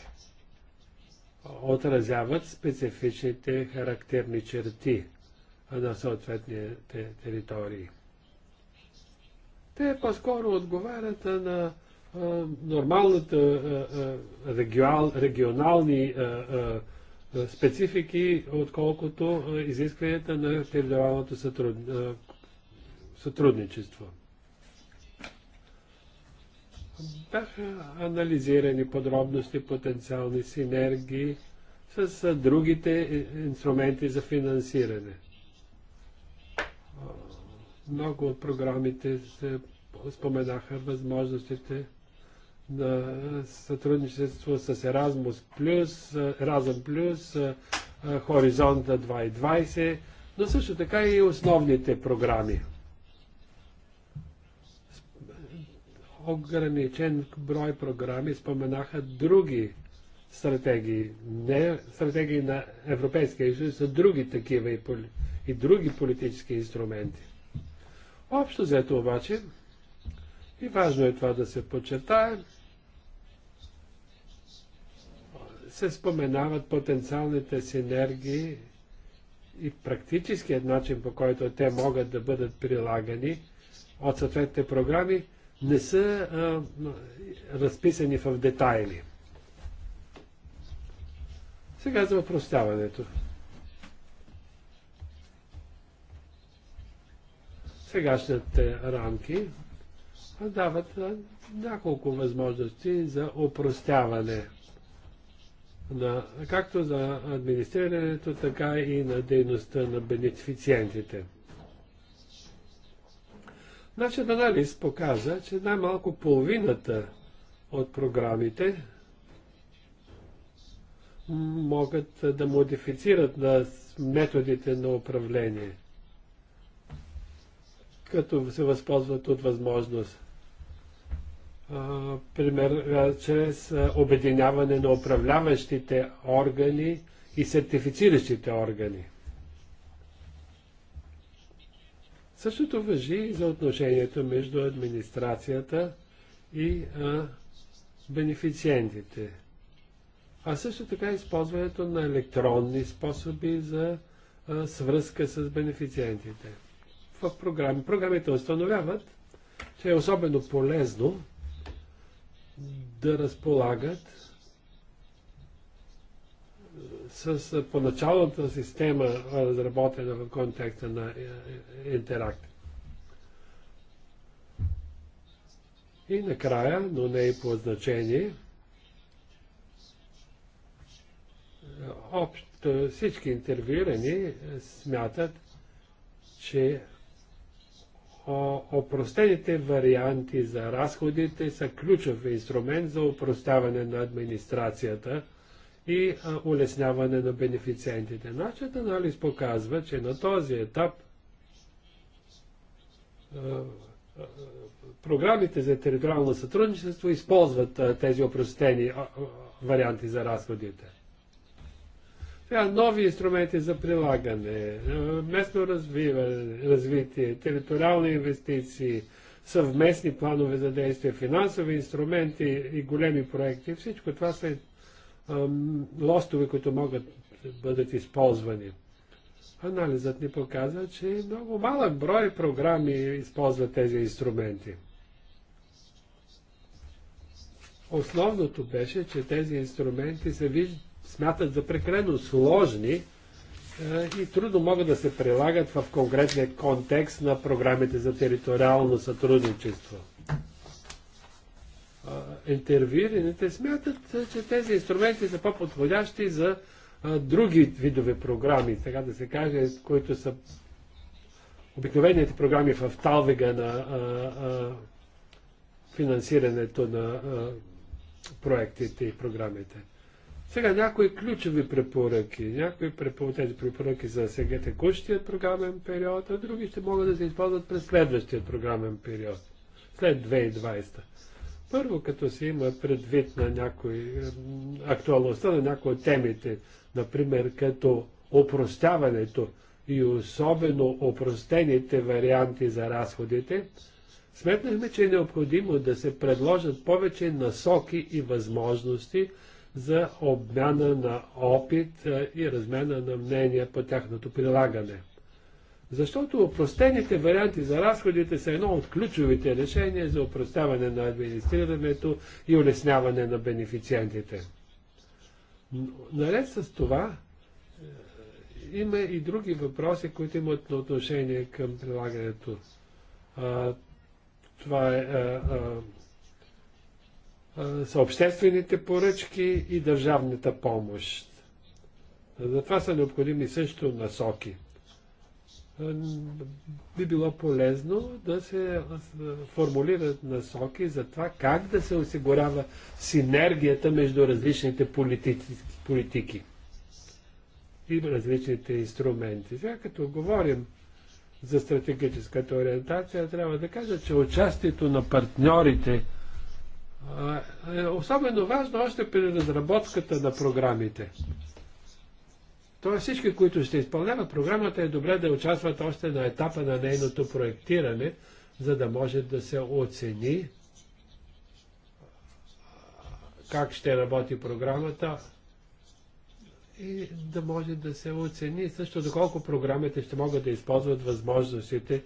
отразяват специфичните характерни черти на съответните територии. Те по-скоро отговарят на нормалната регионал, регионални специфики, отколкото изискванията на териториалното сътруд... сътрудничество. Бяха анализирани подробности, потенциални синергии с другите е, инструменти за финансиране. Много от програмите се споменаха възможностите на сътрудничество с Erasmus+, Erasmus+, Plus, Хоризонта 2020, но също така и основните програми. Ограничен брой програми споменаха други стратегии, не стратегии на Европейския съюз, а други такива и, поли, и други политически инструменти. Общо взето обаче, и важно е това да се подчертае, се споменават потенциалните синергии и практическият начин по който те могат да бъдат прилагани от съответните програми не са а, разписани в детайли. Сега за опростяването. Сегашните рамки дават няколко възможности за опростяване на, както за администрирането, така и на дейността на бенефициентите. Нашият анализ показа, че най-малко половината от програмите могат да модифицират на методите на управление, като се възползват от възможност пример, чрез обединяване на управляващите органи и сертифициращите органи. Същото въжи и за отношението между администрацията и бенефициентите. А също така използването на електронни способи за свръзка с бенефициентите. В програми. Програмите установяват, че е особено полезно да разполагат е, с е, поначалната система, е, разработена в контекста на интеракт. И накрая, но не и по значение, общо всички интервюирани смятат, че опростените варианти за разходите са ключов инструмент за опростяване на администрацията и улесняване на бенефициентите. Нашият анализ показва, че на този етап програмите за териториално сътрудничество използват тези опростени варианти за разходите. Сега нови инструменти за прилагане, е, местно развитие, териториални инвестиции, съвместни планове за действие, финансови инструменти и големи проекти. Всичко това са лостове, които могат да бъдат използвани. Анализът ни показва, че много малък брой програми използват тези инструменти. Основното беше, че тези инструменти се виждат смятат за прекалено сложни е, и трудно могат да се прилагат в конкретния контекст на програмите за териториално сътрудничество. Интервюираните смятат, е, че тези инструменти са по-подходящи за други видове програми, така да се каже, които са обикновените програми в талвега на финансирането на проектите и програмите. Сега някои ключови препоръки. Някои препоръки, тези препоръки за сега текущият програмен период, а други ще могат да се използват през следващия програмен период, след 2020. Първо, като се има предвид на някои, актуалността на някои от темите, например като опростяването и особено опростените варианти за разходите, сметнахме, че е необходимо да се предложат повече насоки и възможности, за обмяна на опит е, и размяна на мнения по тяхното прилагане. Защото опростените варианти за разходите са едно от ключовите решения за опростяване на администрирането и улесняване на бенефициентите. Наред с това, е, има и други въпроси, които имат отношение към прилагането. А, това е а, Съобществените обществените поръчки и държавната помощ. Затова са необходими също насоки. Би било полезно да се формулират насоки за това как да се осигурява синергията между различните политики и различните инструменти. Сега като говорим за стратегическата ориентация, трябва да кажа, че участието на партньорите – е особено важно още при разработката на програмите. Тоест всички, които ще изпълняват програмата, е добре да участват още на етапа на нейното проектиране, за да може да се оцени как ще работи програмата и да може да се оцени също доколко програмите ще могат да използват възможностите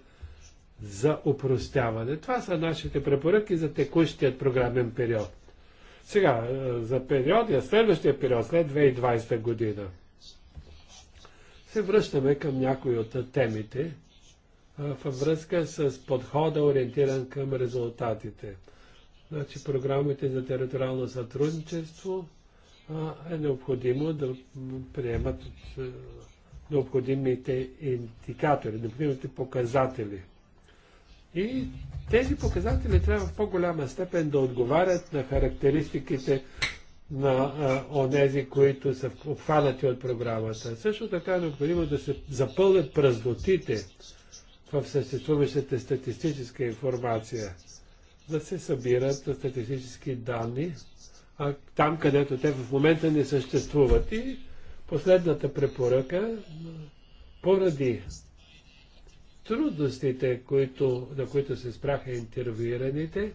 за упростяване. Това са нашите препоръки за текущият програмен период. Сега, е, за периода, следващия период, след 2020 година, се връщаме към някои от темите в е, във връзка с подхода, ориентиран към резултатите. Значи, програмите за териториално сътрудничество е необходимо да приемат е, необходимите индикатори, необходимите показатели. И тези показатели трябва в по-голяма степен да отговарят на характеристиките на а, онези, които са обхванати от програмата. Също така е необходимо да се запълнят празнотите в съществуващата статистическа информация, да се събират статистически данни а, там, където те в момента не съществуват. И последната препоръка, поради трудностите, които, на които се спраха интервюираните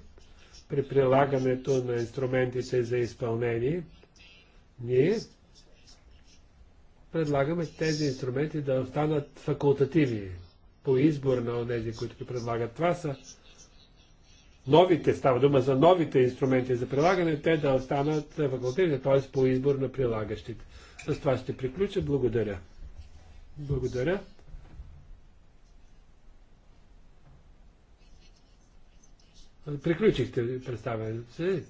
при прилагането на инструментите за изпълнение, ние предлагаме тези инструменти да останат факултативни по избор на тези, които ги предлагат. Това са новите, става дума за новите инструменти за прилагане, те да останат факултативни, т.е. по избор на прилагащите. С това ще приключа. Благодаря. Благодаря. Приключихте представянето си.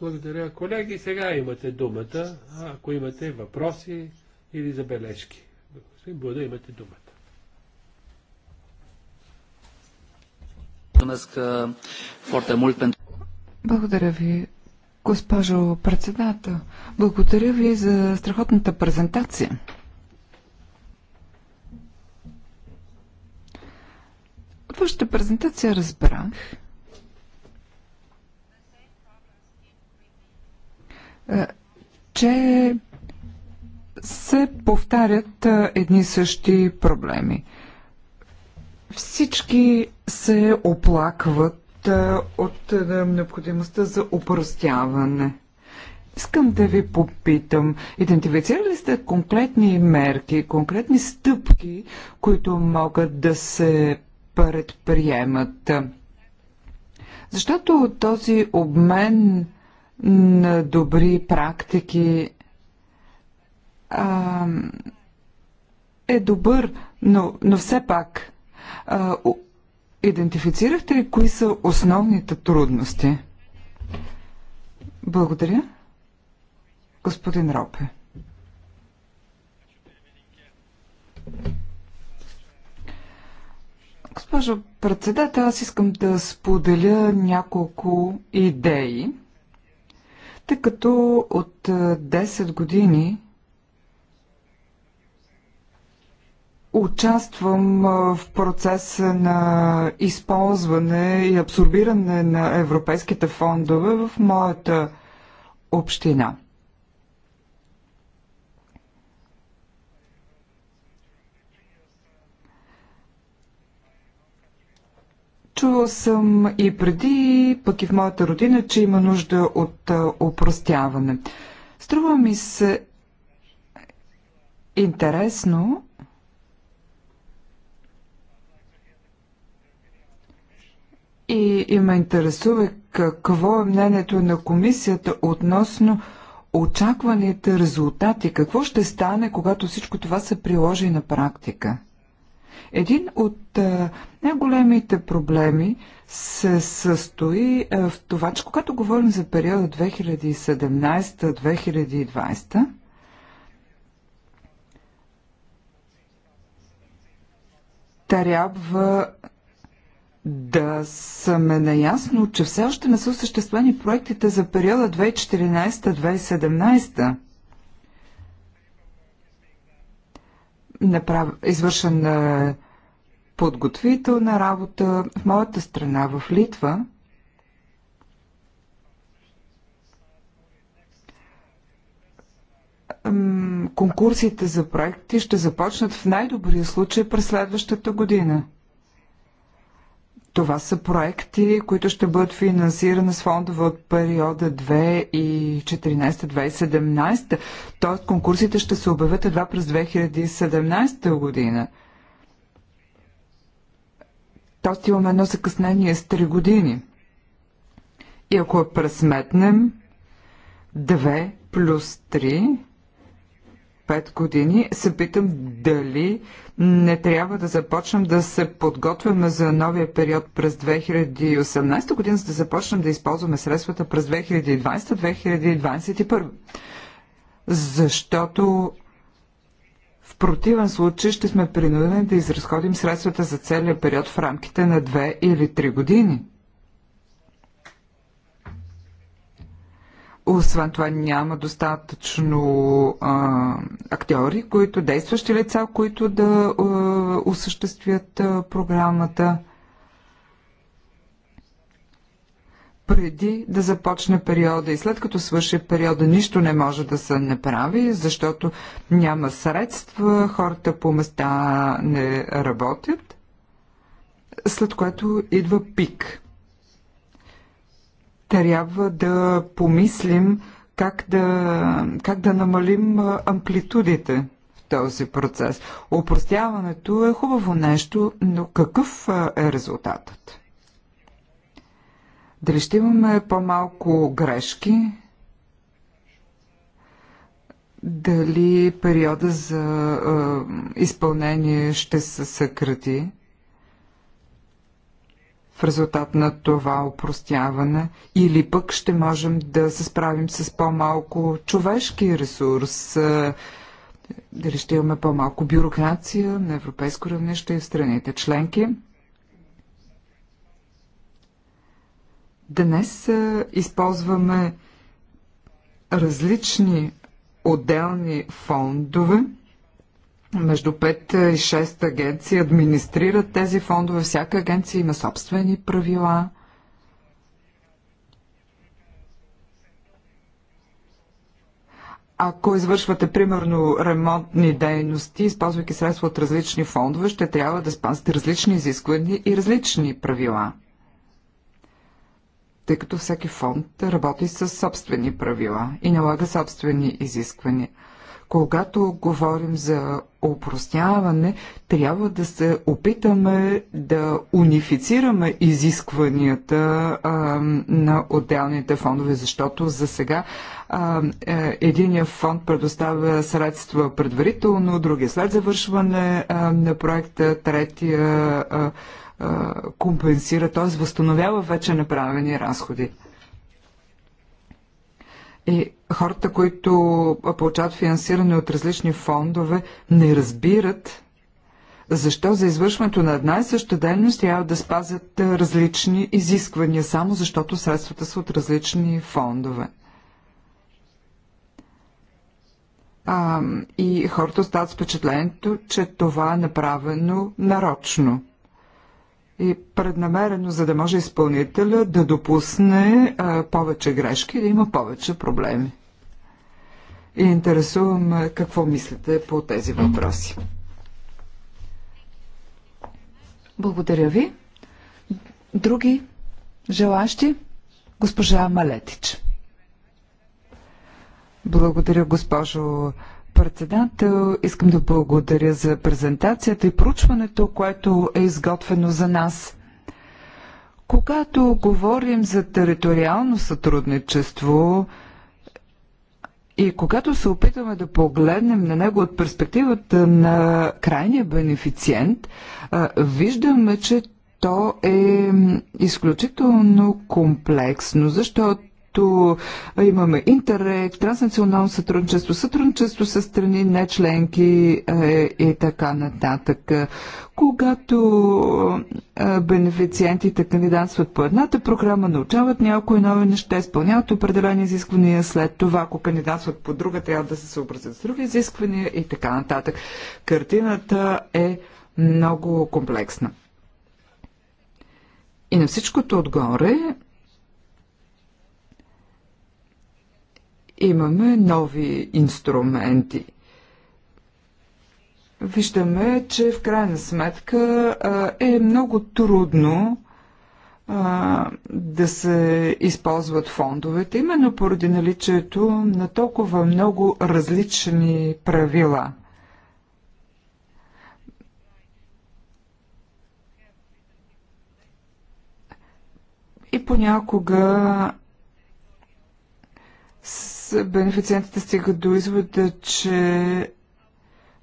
Благодаря, колеги. Сега имате думата, ако имате въпроси или забележки. Господин Буда, имате думата. Благодаря ви, госпожо председател. Благодаря ви за страхотната презентация. От вашата презентация разбрах, Е, че се повтарят е, едни същи проблеми. Всички се оплакват е, от необходимостта за опростяване. Искам да ви попитам, идентифицирали сте конкретни мерки, конкретни стъпки, които могат да се предприемат? Защото този обмен на добри практики а, е добър, но, но все пак а, идентифицирахте ли кои са основните трудности? Благодаря. Господин Ропе. Госпожо председател, аз искам да споделя няколко идеи тъй като от 10 е, години участвам е, в процеса на използване и абсорбиране на европейските фондове в моята община. Чувал съм и преди, пък и в моята родина, че има нужда от опростяване. Струва ми се интересно и, и ме интересува какво е мнението на комисията относно очакваните резултати. Какво ще стане, когато всичко това се приложи на практика? Един от най-големите проблеми се състои в това, че когато говорим за периода 2017-2020, трябва да сме наясно, че все още не са осъществени проектите за периода 2014-2017. направ... извършен е, подготвителна работа в моята страна, в Литва. Конкурсите за проекти ще започнат в най-добрия случай през следващата година. Това са проекти, които ще бъдат финансирани с фондове от периода 2014-2017, т.е. конкурсите ще се обявят едва през 2017 година. Тоест имаме едно закъснение с 3 години. И ако я пресметнем, 2 плюс 3 5 години, се питам дали не трябва да започнем да се подготвяме за новия период през 2018 година, за да започнем да използваме средствата през 2020-2021. Защото в противен случай ще сме принудени да изразходим средствата за целия период в рамките на 2 или 3 години. Освен това няма достатъчно а, актьори, които, действащи лица, които да а, осъществят а, програмата. преди да започне периода и след като свърши периода, нищо не може да се направи, защото няма средства, хората по места не работят, след което идва пик трябва да помислим как да, как да намалим амплитудите в този процес. Опростяването е хубаво нещо, но какъв е резултатът? Дали ще имаме по-малко грешки? Дали периода за е, изпълнение ще се съкрати? в резултат на това упростяване или пък ще можем да се справим с по-малко човешки ресурс, е, дали ще имаме по-малко бюрокрация на европейско равнище и в страните членки. Днес е, използваме различни отделни фондове – между 5 и 6 агенции администрират тези фондове. Всяка агенция има собствени правила. Ако извършвате, примерно, ремонтни дейности, използвайки средства от различни фондове, ще трябва да спазите различни изисквания и различни правила. Тъй като всеки фонд работи с собствени правила и налага собствени изисквания. Когато говорим за упростяване, трябва да се опитаме да унифицираме изискванията а, на отделните фондове, защото за сега а, е, единия фонд предоставя средства предварително, другия след завършване а, на проекта, третия а, а, компенсира, т.е. възстановява вече направени разходи. И е хората, които получават финансиране от различни фондове, не разбират защо за извършването на една и съща дейност трябва да спазят различни изисквания, само защото средствата са от различни фондове. А, и хората остават с впечатлението, че това е направено нарочно и преднамерено, за да може изпълнителя да допусне а, повече грешки и да има повече проблеми. И интересувам какво мислите по тези въпроси. Благодаря ви. Други желащи? Госпожа Малетич. Благодаря, госпожо председател, искам да благодаря за презентацията и проучването, което е изготвено за нас. Когато говорим за териториално сътрудничество, и когато се опитваме да погледнем на него от перспективата на крайния бенефициент, виждаме, че то е изключително комплексно, защото където имаме интерект, транснационално сътрудничество, сътрудничество с страни, не членки е, и така нататък. Когато е, бенефициентите кандидатстват по едната програма, научават някои нови неща, изпълняват определени изисквания, след това, ако кандидатстват по друга, трябва да се съобразят с други изисквания и така нататък. Картината е много комплексна. И на всичкото отгоре Имаме нови инструменти. Виждаме, че в крайна сметка е много трудно да се използват фондовете, именно поради наличието на толкова много различни правила. И понякога бенефициентите стигат до извода, че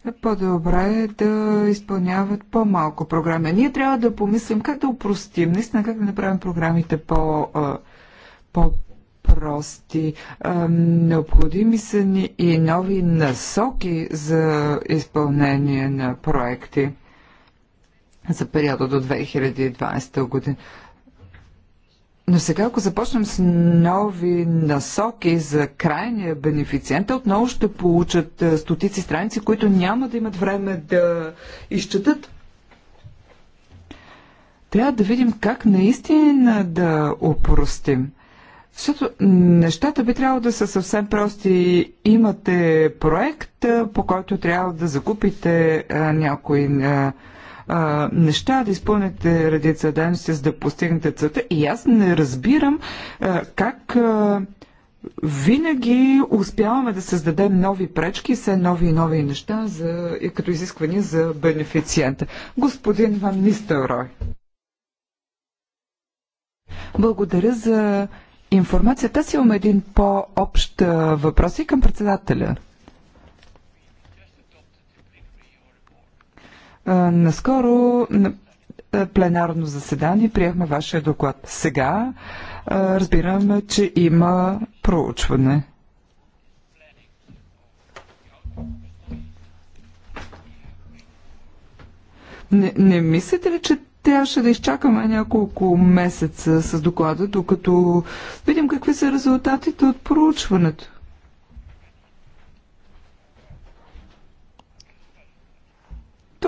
е по-добре да изпълняват по-малко програми. Ние трябва да помислим как да упростим, наистина как да направим програмите по, по прости. Необходими са ни и нови насоки за изпълнение на проекти за периода до 2020 година. Но сега, ако започнем с нови насоки за крайния бенефициент, отново ще получат е, стотици страници, които няма да имат време да изчетат. Трябва да видим как наистина да опростим. Защото нещата би трябвало да са съвсем прости. Имате проект, е, по който трябва да закупите е, някои а, неща, да изпълните редица дейности, за да постигнете целта. И аз не разбирам а, как а, винаги успяваме да създадем нови пречки, все нови и нови неща, за, като изисквания за бенефициента. Господин Ван Нистелрой. Благодаря за информацията. Аз имам един по-общ въпрос и към председателя. наскоро на пленарно заседание приехме вашия доклад. Сега разбираме, че има проучване. Не, не мислите ли, че трябваше да изчакаме няколко месеца с доклада, докато видим какви са резултатите от проучването?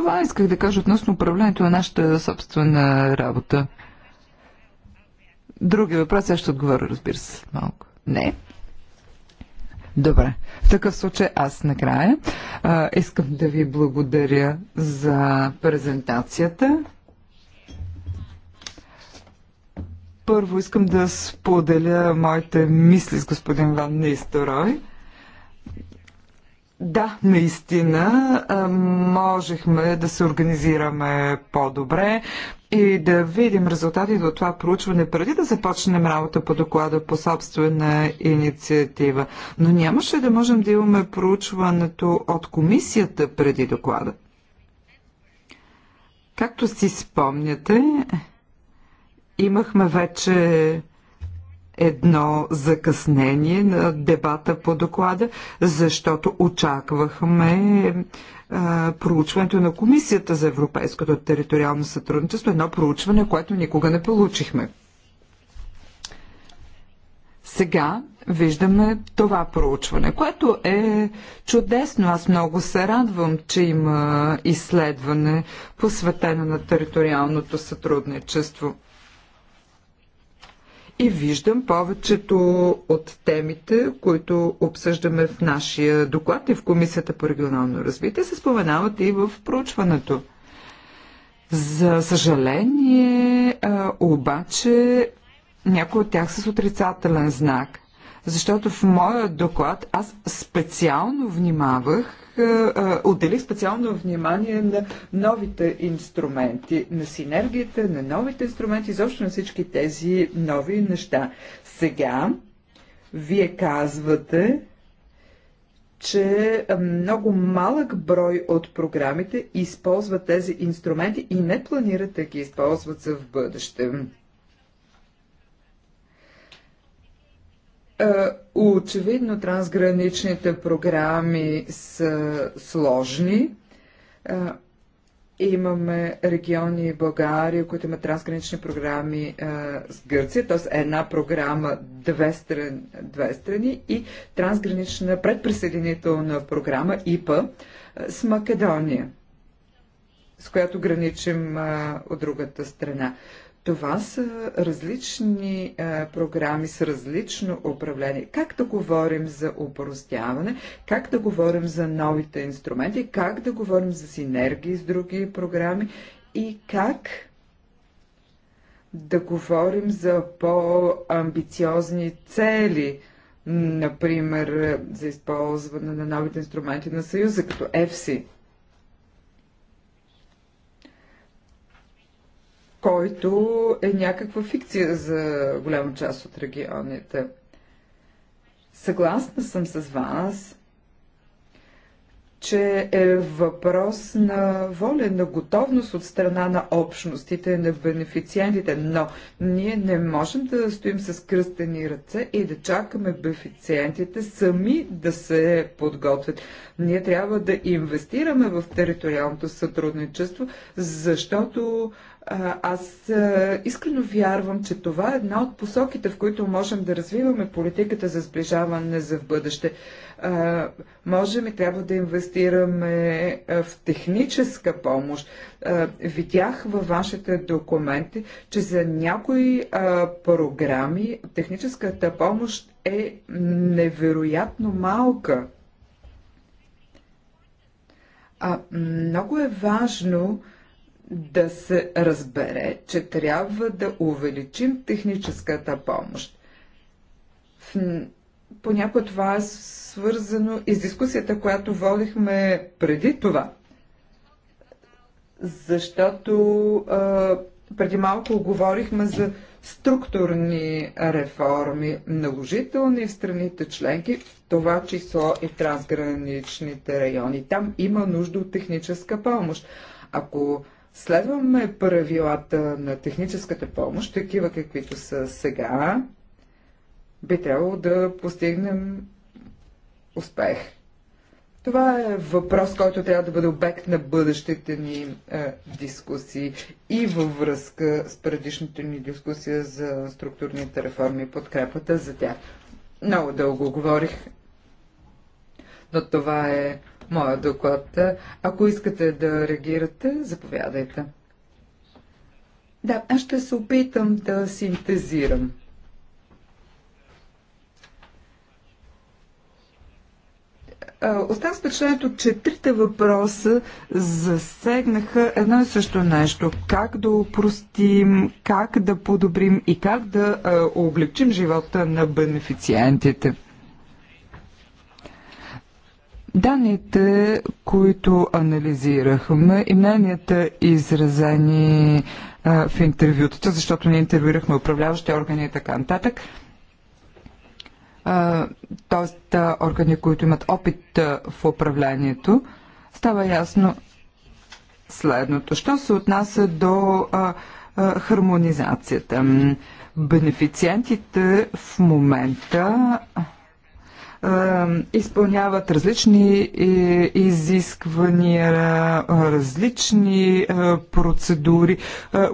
Това исках да кажа относно управлението на нашата собствена работа. Други въпроси, аз ще отговоря, разбира се, малко. Не. Добре. В такъв случай аз накрая а, искам да ви благодаря за презентацията. Първо искам да споделя моите мисли с господин Ван Нисторой. Да, наистина можехме да се организираме по-добре и да видим резултатите от това проучване преди да започнем работа по доклада по собствена инициатива. Но нямаше да можем да имаме проучването от комисията преди доклада. Както си спомняте, имахме вече едно закъснение на дебата по доклада, защото очаквахме проучването на Комисията за европейското териториално сътрудничество, едно проучване, което никога не получихме. Сега виждаме това проучване, което е чудесно. Аз много се радвам, че има изследване посветено на териториалното сътрудничество и виждам повечето от темите, които обсъждаме в нашия доклад и в Комисията по регионално развитие, се споменават и в проучването. За съжаление, обаче, някои от тях са с отрицателен знак. Защото в моя доклад аз специално внимавах, е, е, отделих специално внимание на новите инструменти, на синергията, на новите инструменти, изобщо на всички тези нови неща. Сега вие казвате, че много малък брой от програмите използват тези инструменти и не планират да ги използват за в бъдеще. Е, очевидно трансграничните програми са сложни. Е, имаме региони в България, които имат трансгранични програми е, с Гърция, т.е. една програма две, страни, две страни и трансгранична предприсъединителна програма ИПА с Македония, с която граничим от другата страна. Това са различни е, програми с различно управление. Как да говорим за упростяване, как да говорим за новите инструменти, как да говорим за синергии с други програми и как да говорим за по-амбициозни цели, например за използване на новите инструменти на Съюза, като EFSI. който е някаква фикция за голяма част от регионите. Съгласна съм с вас, че е въпрос на воля, на готовност от страна на общностите, на бенефициентите, но ние не можем да стоим с кръстени ръце и да чакаме бенефициентите сами да се подготвят. Ние трябва да инвестираме в териториалното сътрудничество, защото аз искрено вярвам, че това е една от посоките, в които можем да развиваме политиката за сближаване за в бъдеще. Можем и трябва да инвестираме в техническа помощ. Видях във вашите документи, че за някои програми техническата помощ е невероятно малка. А, много е важно а, да се разбере, че трябва да увеличим техническата помощ. Понякога това е свързано и с дискусията, която водихме преди това. Защото а, преди малко говорихме за структурни реформи, наложителни в страните членки, в това число и трансграничните райони. Там има нужда от техническа помощ. Ако Следваме правилата на техническата помощ, такива каквито са сега. Би трябвало да постигнем успех. Това е въпрос, който трябва да бъде обект на бъдещите ни е, дискусии и във връзка с предишната ни дискусия за структурните реформи и подкрепата за тях. Много дълго говорих, но това е моя доклад. Ако искате да реагирате, заповядайте. Да, аз ще се опитам да синтезирам. Остава с впечатлението, че трите въпроса засегнаха едно и също нещо. Как да упростим, как да подобрим и как да облегчим живота на бенефициентите. Данните, които анализирахме и мненията изразени а, в интервютата, защото ние интервюирахме управляващи органи и така нататък, т.е. органи, които имат опит в управлението, става ясно следното. Що се отнася до а, а, хармонизацията? Бенефициентите в момента изпълняват различни е, изисквания, различни процедури,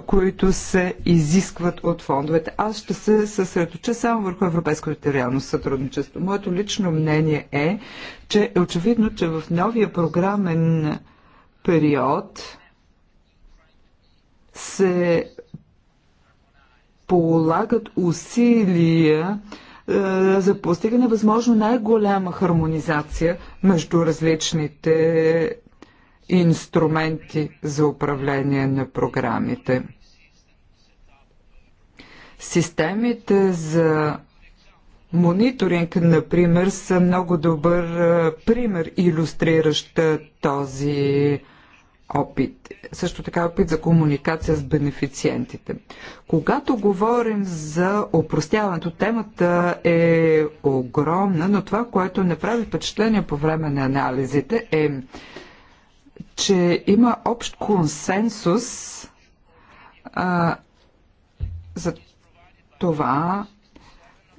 които се изискват от фондовете. Аз ще се съсредоча само върху европейското териално сътрудничество. Моето лично мнение е, че е очевидно, че в новия програмен период се полагат усилия е, за постигане възможно най-голяма хармонизация между различните инструменти за управление на програмите. Системите за мониторинг, например, са много добър е, пример, иллюстриращ е, този опит, също така опит за комуникация с бенефициентите. Когато говорим за опростяването, темата е огромна, но това, което не прави впечатление по време на анализите е, че има общ консенсус а, за това,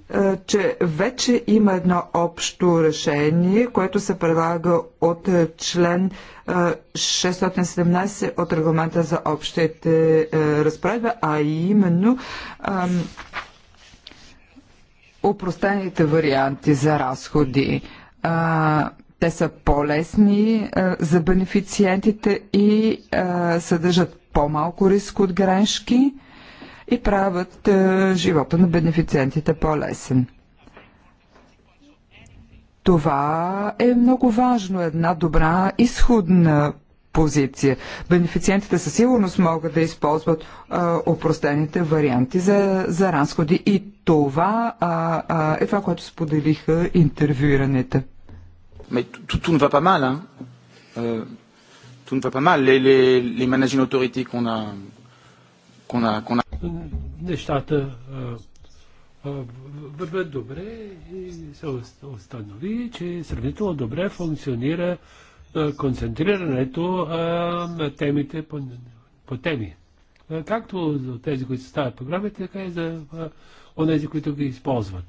е, че вече има едно общо решение, което се предлага от е, член 617 е, от регламента за общите разпоредби, а именно упростените варианти за разходи. Те са по-лесни за бенефициентите и съдържат по-малко риск от грешки и правят е, живота на бенефициентите по-лесен. Това е много важно, една добра изходна позиция. Бенефициентите със сигурност могат да използват а, е, упростените варианти за, за разходи и това а, а, е това, което споделиха интервюираните. Това не е ne Това не е hein. Euh, tout ne va qu'on a, qu'on a, нещата върват добре и се установи, че сравнително добре функционира концентрирането на темите по, по теми. Както за тези, които ставят програмите, така и за тези, които ги използват.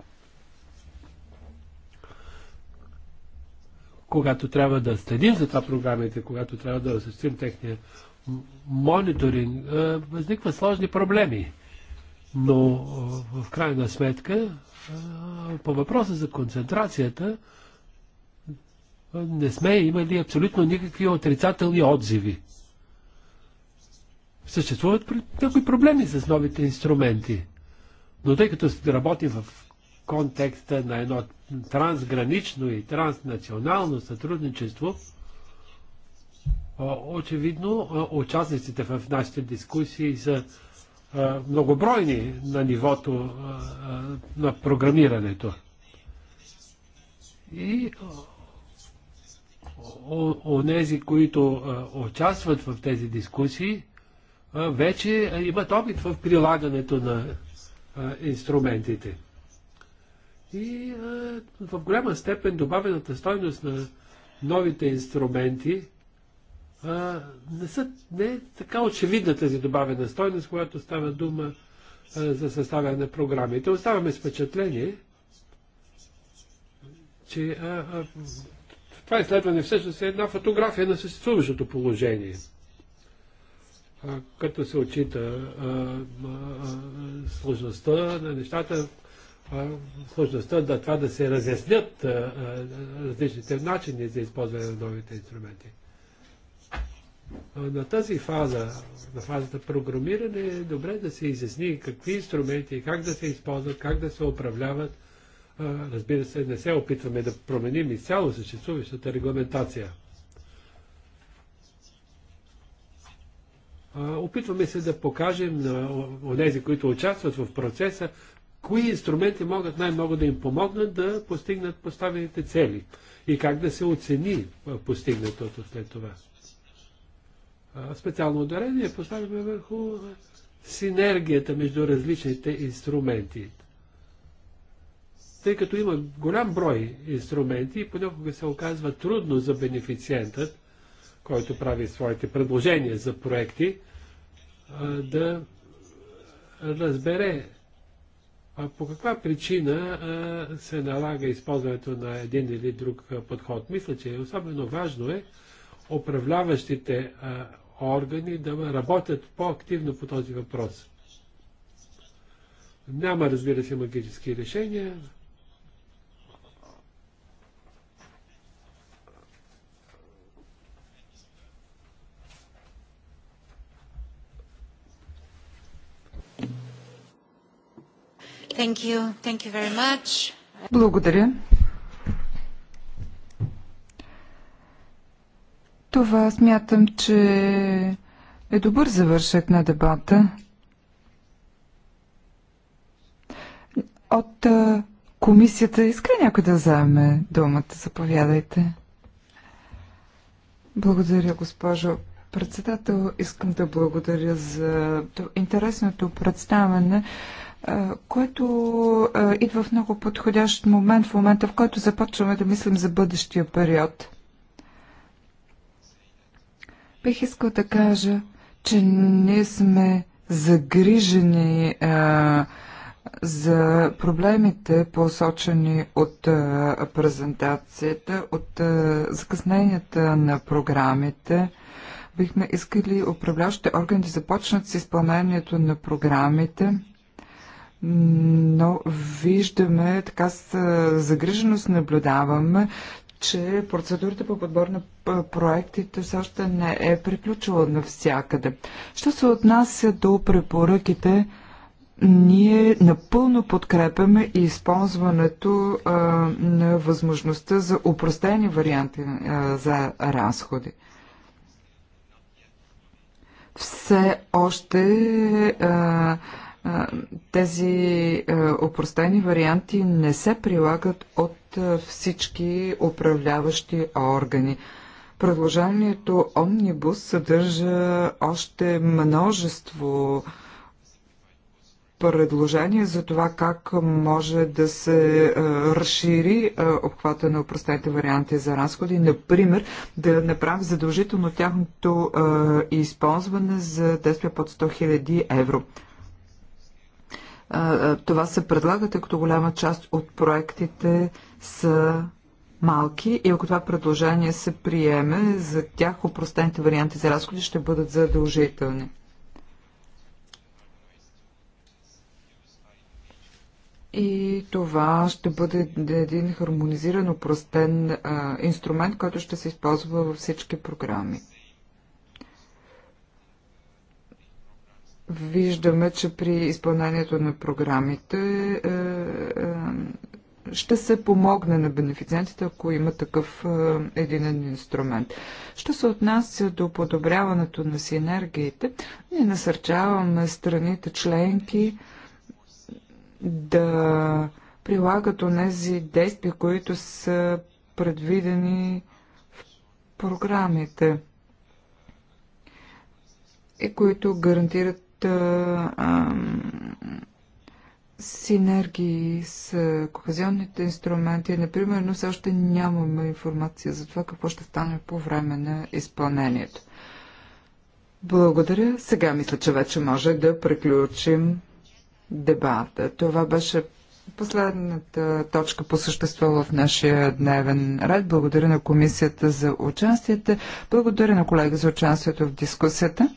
когато трябва да следим за това програмите, когато трябва да осъществим техния мониторинг, възникват сложни проблеми. Но в крайна сметка, по въпроса за концентрацията, не сме имали абсолютно никакви отрицателни отзиви. Съществуват някои проблеми с новите инструменти. Но тъй като работим в контекста на едно трансгранично и транснационално сътрудничество, Очевидно, участниците в нашите дискусии са многобройни на нивото на програмирането. И онези, които участват в тези дискусии, вече имат опит в прилагането на инструментите. И в голяма степен добавената стойност на новите инструменти не, са, не е така очевидна тази добавена стойност, която става дума а, за съставяне на програмите. Оставаме с впечатление, че а, а, това изследване всъщност е една фотография на съществуващото положение, а, като се отчита а, а, сложността на нещата, а, сложността да това да се разяснят а, а, различните начини за използване на новите инструменти на тази фаза, на фазата програмиране, е добре да се изясни какви инструменти, как да се използват, как да се управляват. Разбира се, не се опитваме да променим изцяло съществуващата регламентация. Опитваме се да покажем на тези, които участват в процеса, кои инструменти могат най-много да им помогнат да постигнат поставените цели и как да се оцени постигнатото след това специално ударение поставяме върху синергията между различните инструменти. Тъй като има голям брой инструменти и понякога се оказва трудно за бенефициентът, който прави своите предложения за проекти, да разбере по каква причина се налага използването на един или друг подход. Мисля, че е особено важно е управляващите органи да работят по-активно по този въпрос. Няма, разбира се, магически решения. Thank you. Thank you very much. Благодаря. Това смятам, че е добър завършък на дебата. От комисията иска някой да вземе думата. Заповядайте. Благодаря, госпожо председател. Искам да благодаря за интересното представяне което идва в много подходящ момент, в момента в който започваме да мислим за бъдещия период. Бих искал да кажа, че ние сме загрижени а, за проблемите, посочени от а, презентацията, от а, закъсненията на програмите. Бихме искали управляващите органи да започнат с изпълнението на програмите, но виждаме, така с загриженост наблюдаваме, че процедурата по подбор на проектите все още не е приключила навсякъде. Що се отнася до препоръките, ние напълно подкрепяме и използването а, на възможността за упростени варианти а, за разходи. Все още а, тези е, опростени варианти не се прилагат от е, всички управляващи органи. Предложението Омнибус съдържа още множество предложения за това как може да се е, разшири обхвата на упростените варианти за разходи. Например, да направи задължително тяхното използване за действия под 100 000 евро това се предлага, тъй като голяма част от проектите са малки и ако това предложение се приеме, за тях упростените варианти за разходи ще бъдат задължителни. И това ще бъде един хармонизиран, упростен а, инструмент, който ще се използва във всички програми. виждаме, че при изпълнението на програмите е, е, ще се помогне на бенефициентите, ако има такъв е, един инструмент. Що се отнася до подобряването на синергиите, ние насърчаваме страните членки да прилагат онези действия, които са предвидени в програмите и които гарантират а, синергии с кохезионните инструменти. Например, но все още нямаме информация за това какво ще стане по време на изпълнението. Благодаря. Сега мисля, че вече може да приключим дебата. Това беше последната точка по същество в нашия дневен ред. Благодаря на комисията за участието. Благодаря на колега за участието в дискусията.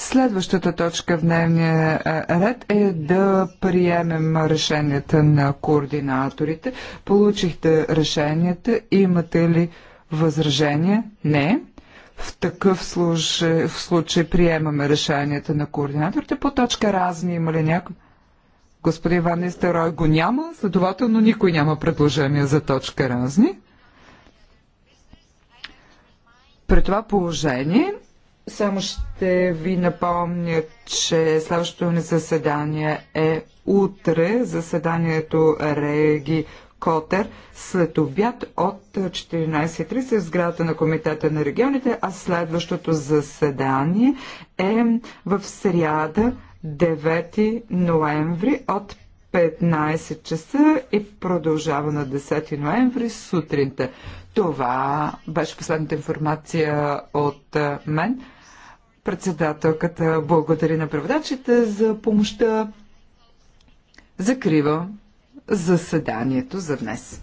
Следващата точка в дневния ред е да приемем решенията на координаторите. Получихте решенията. Имате ли възражения? Не. В такъв случай, в случай приемаме решенията на координаторите. По точка разни има ли някой? Господин Ван Нестерой го няма, следователно никой няма предложение за точка разни. При това положение само ще ви напомня, че следващото ни заседание е утре, заседанието Реги Котер, след обяд от 14.30 в сградата на Комитета на регионите, а следващото заседание е в сряда 9 ноември от 15 часа и продължава на 10 ноември сутринта. Това беше последната информация от мен. Председателката благодари на преводачите за помощта. Закрива заседанието за днес.